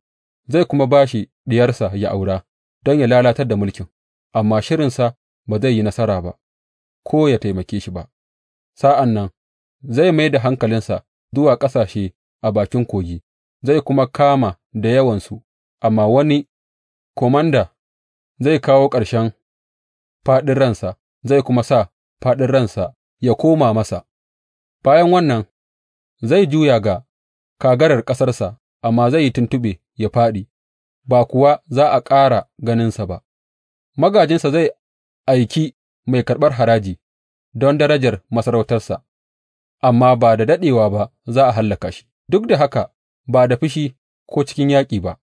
zai kuma ba shi diyarsa ya aura don ya lalatar da mulkin, amma shirinsa ba zai yi nasara ba, ko ya taimake shi ba. Sa'an nan zai mai da hankalinsa zuwa ƙasashe a bakin kogi, zai kuma kama da yawansu, amma wani komanda zai kawo ƙarshen faɗin ransa zai kuma sa faɗin ransa ya koma masa; bayan wannan zai juya ga kagarar ƙasarsa amma zai yi tuntuɓe ya fāɗi, ba kuwa za a ƙara ganinsa ba; Magajinsa zai aiki mai karɓar haraji don darajar masarautarsa, amma ba da daɗewa ba za a hallaka shi, duk da haka ba da fushi ko cikin yaƙi ba.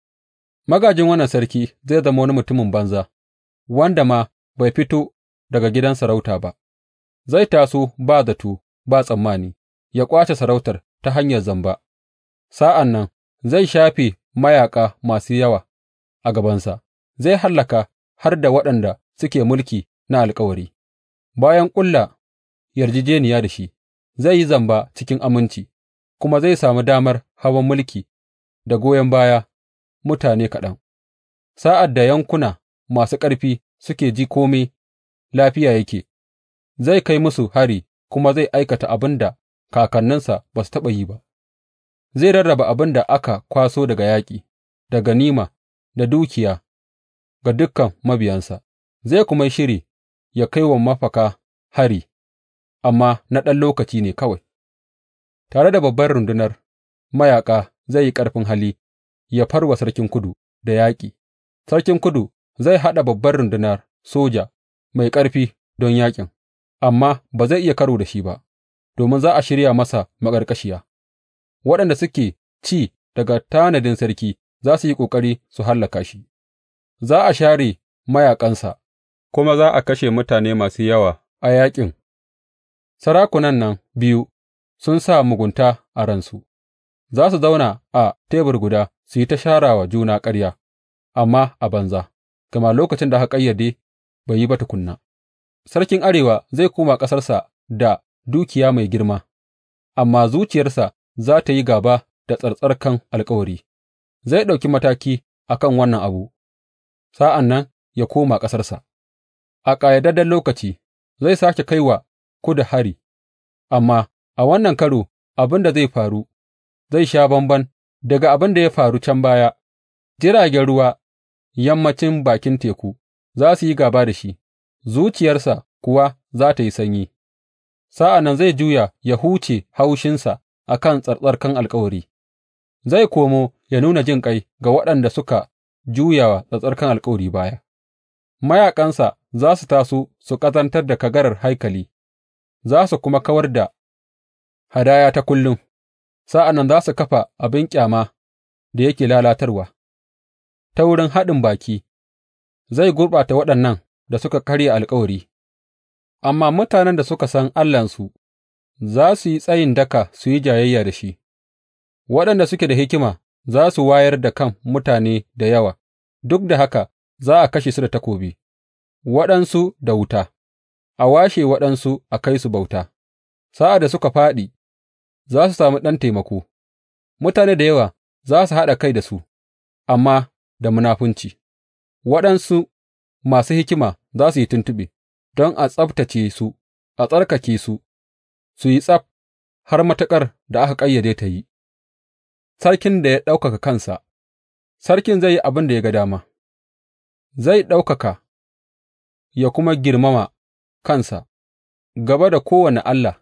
magājin wannan sarki zai zama wani mutumin banza, wanda ma bai fito daga gidan sarauta ba, zai taso ba zato ba tsammani, ya ƙwace sarautar ta hanyar zamba, sa'an nan zai shafe mayaƙa masu yawa a gabansa, zai hallaka har da waɗanda suke mulki na alkawari, bayan ƙulla yarjejeniya da shi, zai yi zamba cikin aminci, kuma zai sami damar hawan mulki da goyon baya mutane kaɗan, sa'ad da yankuna masu ƙarfi suke ji kome lafiya yake, zai kai musu hari kuma zai aikata abin da kakanninsa ba su taɓa yi ba, zai rarraba abin da aka kwaso daga yaƙi, da ganima, da dukiya ga dukkan mabiyansa, zai kuma yi shiri ya kai wa mafaka hari, amma na ɗan lokaci ne kawai, tare da babbar rundunar mayaƙa zai yi ƙarfin hali ya far wa sarkin Kudu da yaƙi, sarkin Kudu zai haɗa babbar rundunar soja mai ƙarfi don yaƙin, amma ba zai iya karo da shi ba, domin za a shirya masa maƙarƙashiya. Waɗanda suke ci daga tanadin sarki za su yi ƙoƙari su hallaka shi, za a share mayaƙansa, kuma za a kashe mutane masu yawa a yaƙin. Sarakunan nan biyu sun sa mugunta a ransu, za su zauna a tebur guda su yi ta shara wa juna ƙarya, amma a banza, gama lokacin da aka ƙayyade bai yi ba tukunna. sarkin arewa zai koma ƙasarsa da dukiya mai girma, amma zuciyarsa za tă yi gaba da tsartsarkan alkawari, zai ɗauki mataki a kan wannan abu, sa'an nan ya koma ƙasarsa. A ƙayyadadden lokaci zai sake kai wa kudu hari, amma a wannan karo abin da zai faru zai sha bamban Daga abin da ya faru can baya, jiragen ruwa yammacin bakin teku za su yi gaba da shi, zuciyarsa kuwa za ta yi sanyi, sa'an nan zai juya ya huce haushinsa a kan tsartsarkan alkawari, zai komo ya nuna jin ƙai ga waɗanda suka juya wa tsattsarkan alkawari baya, Mayakansa za su taso su ƙazantar da kagarar haikali, za su kuma kawar da hadaya ta kullum. sa'an nan za su kafa abin ƙyama da yake lalatarwa, ta wurin haɗin baki, zai gurɓata waɗannan da suka karya alkawari, amma mutanen da suka san Allahnsu za su yi tsayin daka su yi jayayya da shi, waɗanda suke da hikima za su wayar da kan mutane da yawa, duk da haka za a kashe su da takobi, waɗansu da wuta, a washe waɗansu a kai su bauta, sa'ad da suka faɗi. za su sami ɗan taimako, mutane da yawa za su haɗa kai da su, amma da munafunci, waɗansu masu hikima za su yi tuntuɓe don a tsabtace su, a tsarkake su, su yi tsab har matuƙar da aka ƙayyade ta yi, sarkin da ya ɗaukaka kansa, sarkin zai yi abin da ya ga dama, zai ɗaukaka ya kuma girmama kansa gaba da kowane allah,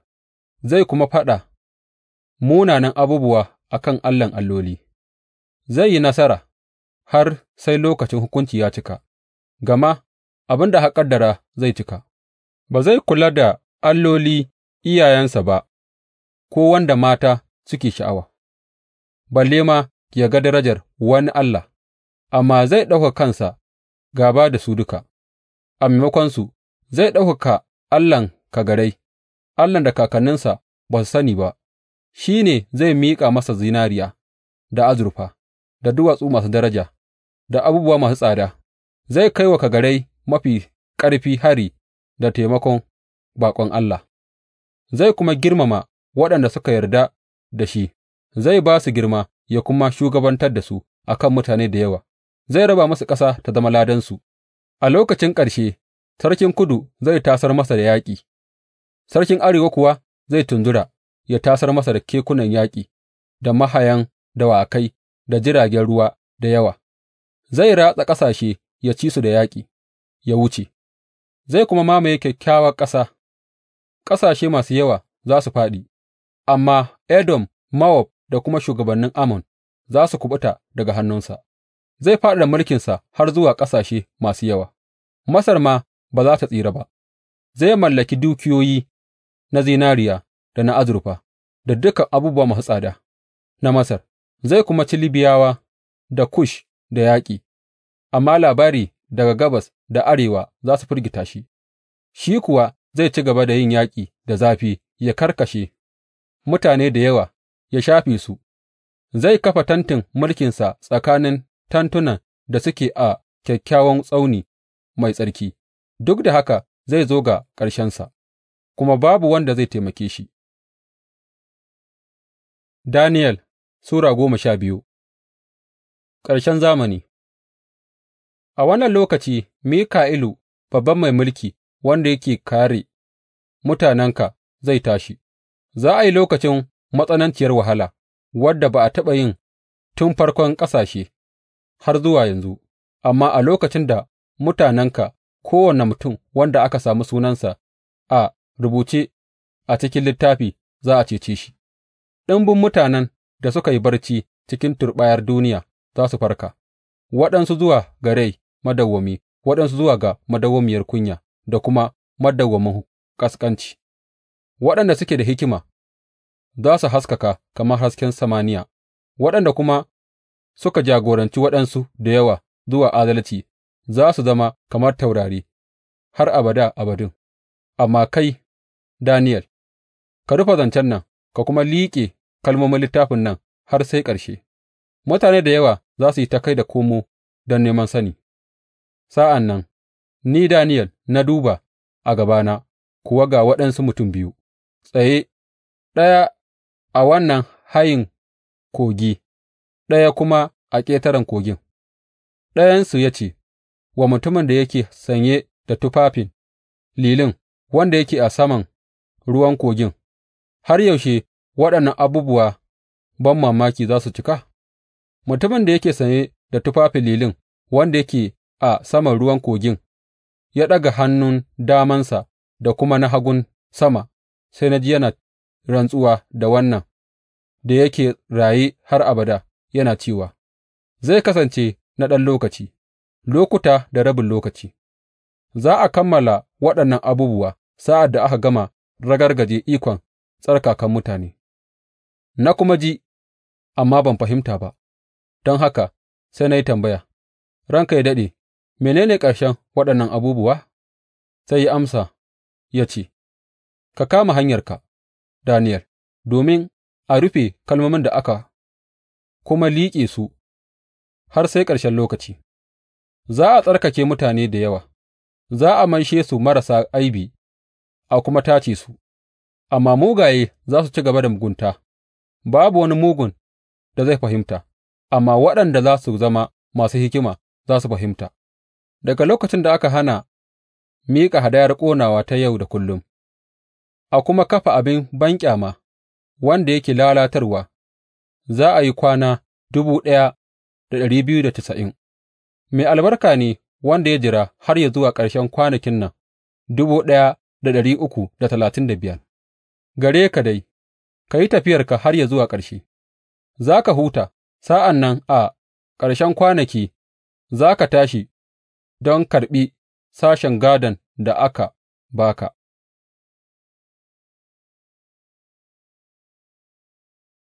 zai kuma faɗa munanan abubuwa a kan Allahn alloli, zai yi nasara har sai lokacin hukunci ya cika, gama abin da aka ƙaddara zai cika, ba zai kula da alloli iyayensa ba ko wanda mata suke sha'awa, balle ma ya ga darajar wani allah, amma zai ɗauka kansa gaba da su duka, a maimakonsu zai ɗaukaka allahn kagarai, allahn da kakanninsa ba su sani ba. shi ne zai miƙa masa zinariya da azurfa, da duwatsu masu daraja, da abubuwa masu tsada, zai kai wa kagarai mafi ƙarfi hari da taimakon baƙon Allah, zai kuma girmama waɗanda suka yarda da shi, zai ba su girma ya kuma shugabantar da su a kan mutane da yawa, zai raba musu ƙasa ta zama ladansu. A lokacin ƙarshe, sarkin kudu zai tasar masa da yaƙi, sarkin arewa kuwa zai tunzura. ya tasar masa da kekunan yaƙi, da mahayan dawakai, da jiragen ruwa da yawa, zai ratsa ƙasashe ya ci su da yaƙi, ya wuce, zai kuma mamaye kyakkyawar ƙasa, ƙasashe masu yawa za su fāɗi, amma Edom, Mawab da kuma shugabannin Ammon za su kuɓuta daga hannunsa, zai faɗaɗa mulkinsa har zuwa ƙasashe masu yawa, Masar ma ba za ta tsira ba, zai mallaki dukiyoyi na zinariya da na azurfa da dukan abubuwa masu tsada na Masar, zai kuma ci Libiyawa da Kush da yaƙi, amma labari daga gabas da arewa za su firgita shi, shi kuwa zai ci gaba da yin yaƙi da zafi ya karkashe mutane da yawa ya shafe su, zai kafa tantin mulkinsa tsakanin tantunan da suke a kyakkyawan tsauni mai tsarki, duk da haka zai zo ga ƙarshensa, kuma babu wanda zai taimake shi. Daniyel Sura goma sha biyu Ƙarshen zamani A wannan lokaci Mika'ilu, babban mai mulki wanda yake kare mutanenka, zai tashi; za a yi lokacin matsananciyar wahala wadda ba a taɓa yin tun farkon ƙasashe har zuwa yanzu, amma a lokacin da mutanenka, kowane mutum wanda aka sami sunansa a rubuce a cikin littafi, za a cece shi. ɗimbin mutanen da suka yi barci cikin turɓayar duniya za su farka, waɗansu zuwa ga rai madawwami, waɗansu zuwa ga madawwamiyar kunya da kuma madawwamin ƙasƙanci. Waɗanda suke da hikima za su haskaka kamar hasken samaniya, waɗanda kuma suka jagoranci waɗansu da yawa zuwa adalci za su zama kamar taurari har abada abadin. Amma kai, Daniyel, ka rufe zancen nan ka kuma liƙe kalmomin littafin nan har sai ƙarshe, mutane da yawa za su yi ta kai da komo don neman sani. Sa'an nan, ni Daniyel na duba a gabana kuwa ga waɗansu mutum biyu, tsaye, ɗaya a wannan hayin kogi, ɗaya kuma a ƙetaren kogin. Ɗayansu ya ce wa mutumin da yake sanye da tufafin lilin wanda yake a saman ruwan kogin, Har yaushe waɗannan abubuwa banmamaki za su cika? Mutumin da yake sanye da tufafin lilin wanda yake a saman ruwan kogin ya ɗaga hannun damansa da kuma na hagun sama, sai na ji yana rantsuwa da wannan da yake raye har abada, yana cewa, Zai kasance na ɗan lokaci, lokuta da rabin lokaci, za a kammala waɗannan abubuwa sa'ad da aka gama ragargaje ikon tsarkakan mutane. na kuma ji, amma ban fahimta ba, don haka sai na yi tambaya, Ranka yă daɗe, mene ne ƙarshen waɗannan abubuwa? Sai ya amsa ya ce, Ka kama hanyarka, daniel domin a rufe kalmomin da aka kuma liƙe su har sai ƙarshen lokaci, za a tsarkake mutane da yawa, za a maishe su marasa aibi a kuma tace su, amma mugaye za su ci gaba da mugunta. babu wani mugun da zai fahimta, amma waɗanda za su zama masu hikima za su fahimta, daga lokacin da aka hana miƙa hadayar ƙonawa ta yau da kullum, a kuma kafa abin banƙyama wanda yake lalatarwa, za a yi kwana dubu ɗaya da ɗari biyu da tasa'in. Mai albarka ne wanda ya jira har ya zuwa ƙarshen kwanakin nan dubu ɗaya da ɗari uku da talatin da biyar. Gare ka dai, ka yi tafiyarka har yă zuwa ƙarshe, za ka huta, sa'an nan a ƙarshen kwanaki za ka tashi don karɓi sashen gadon da aka baka.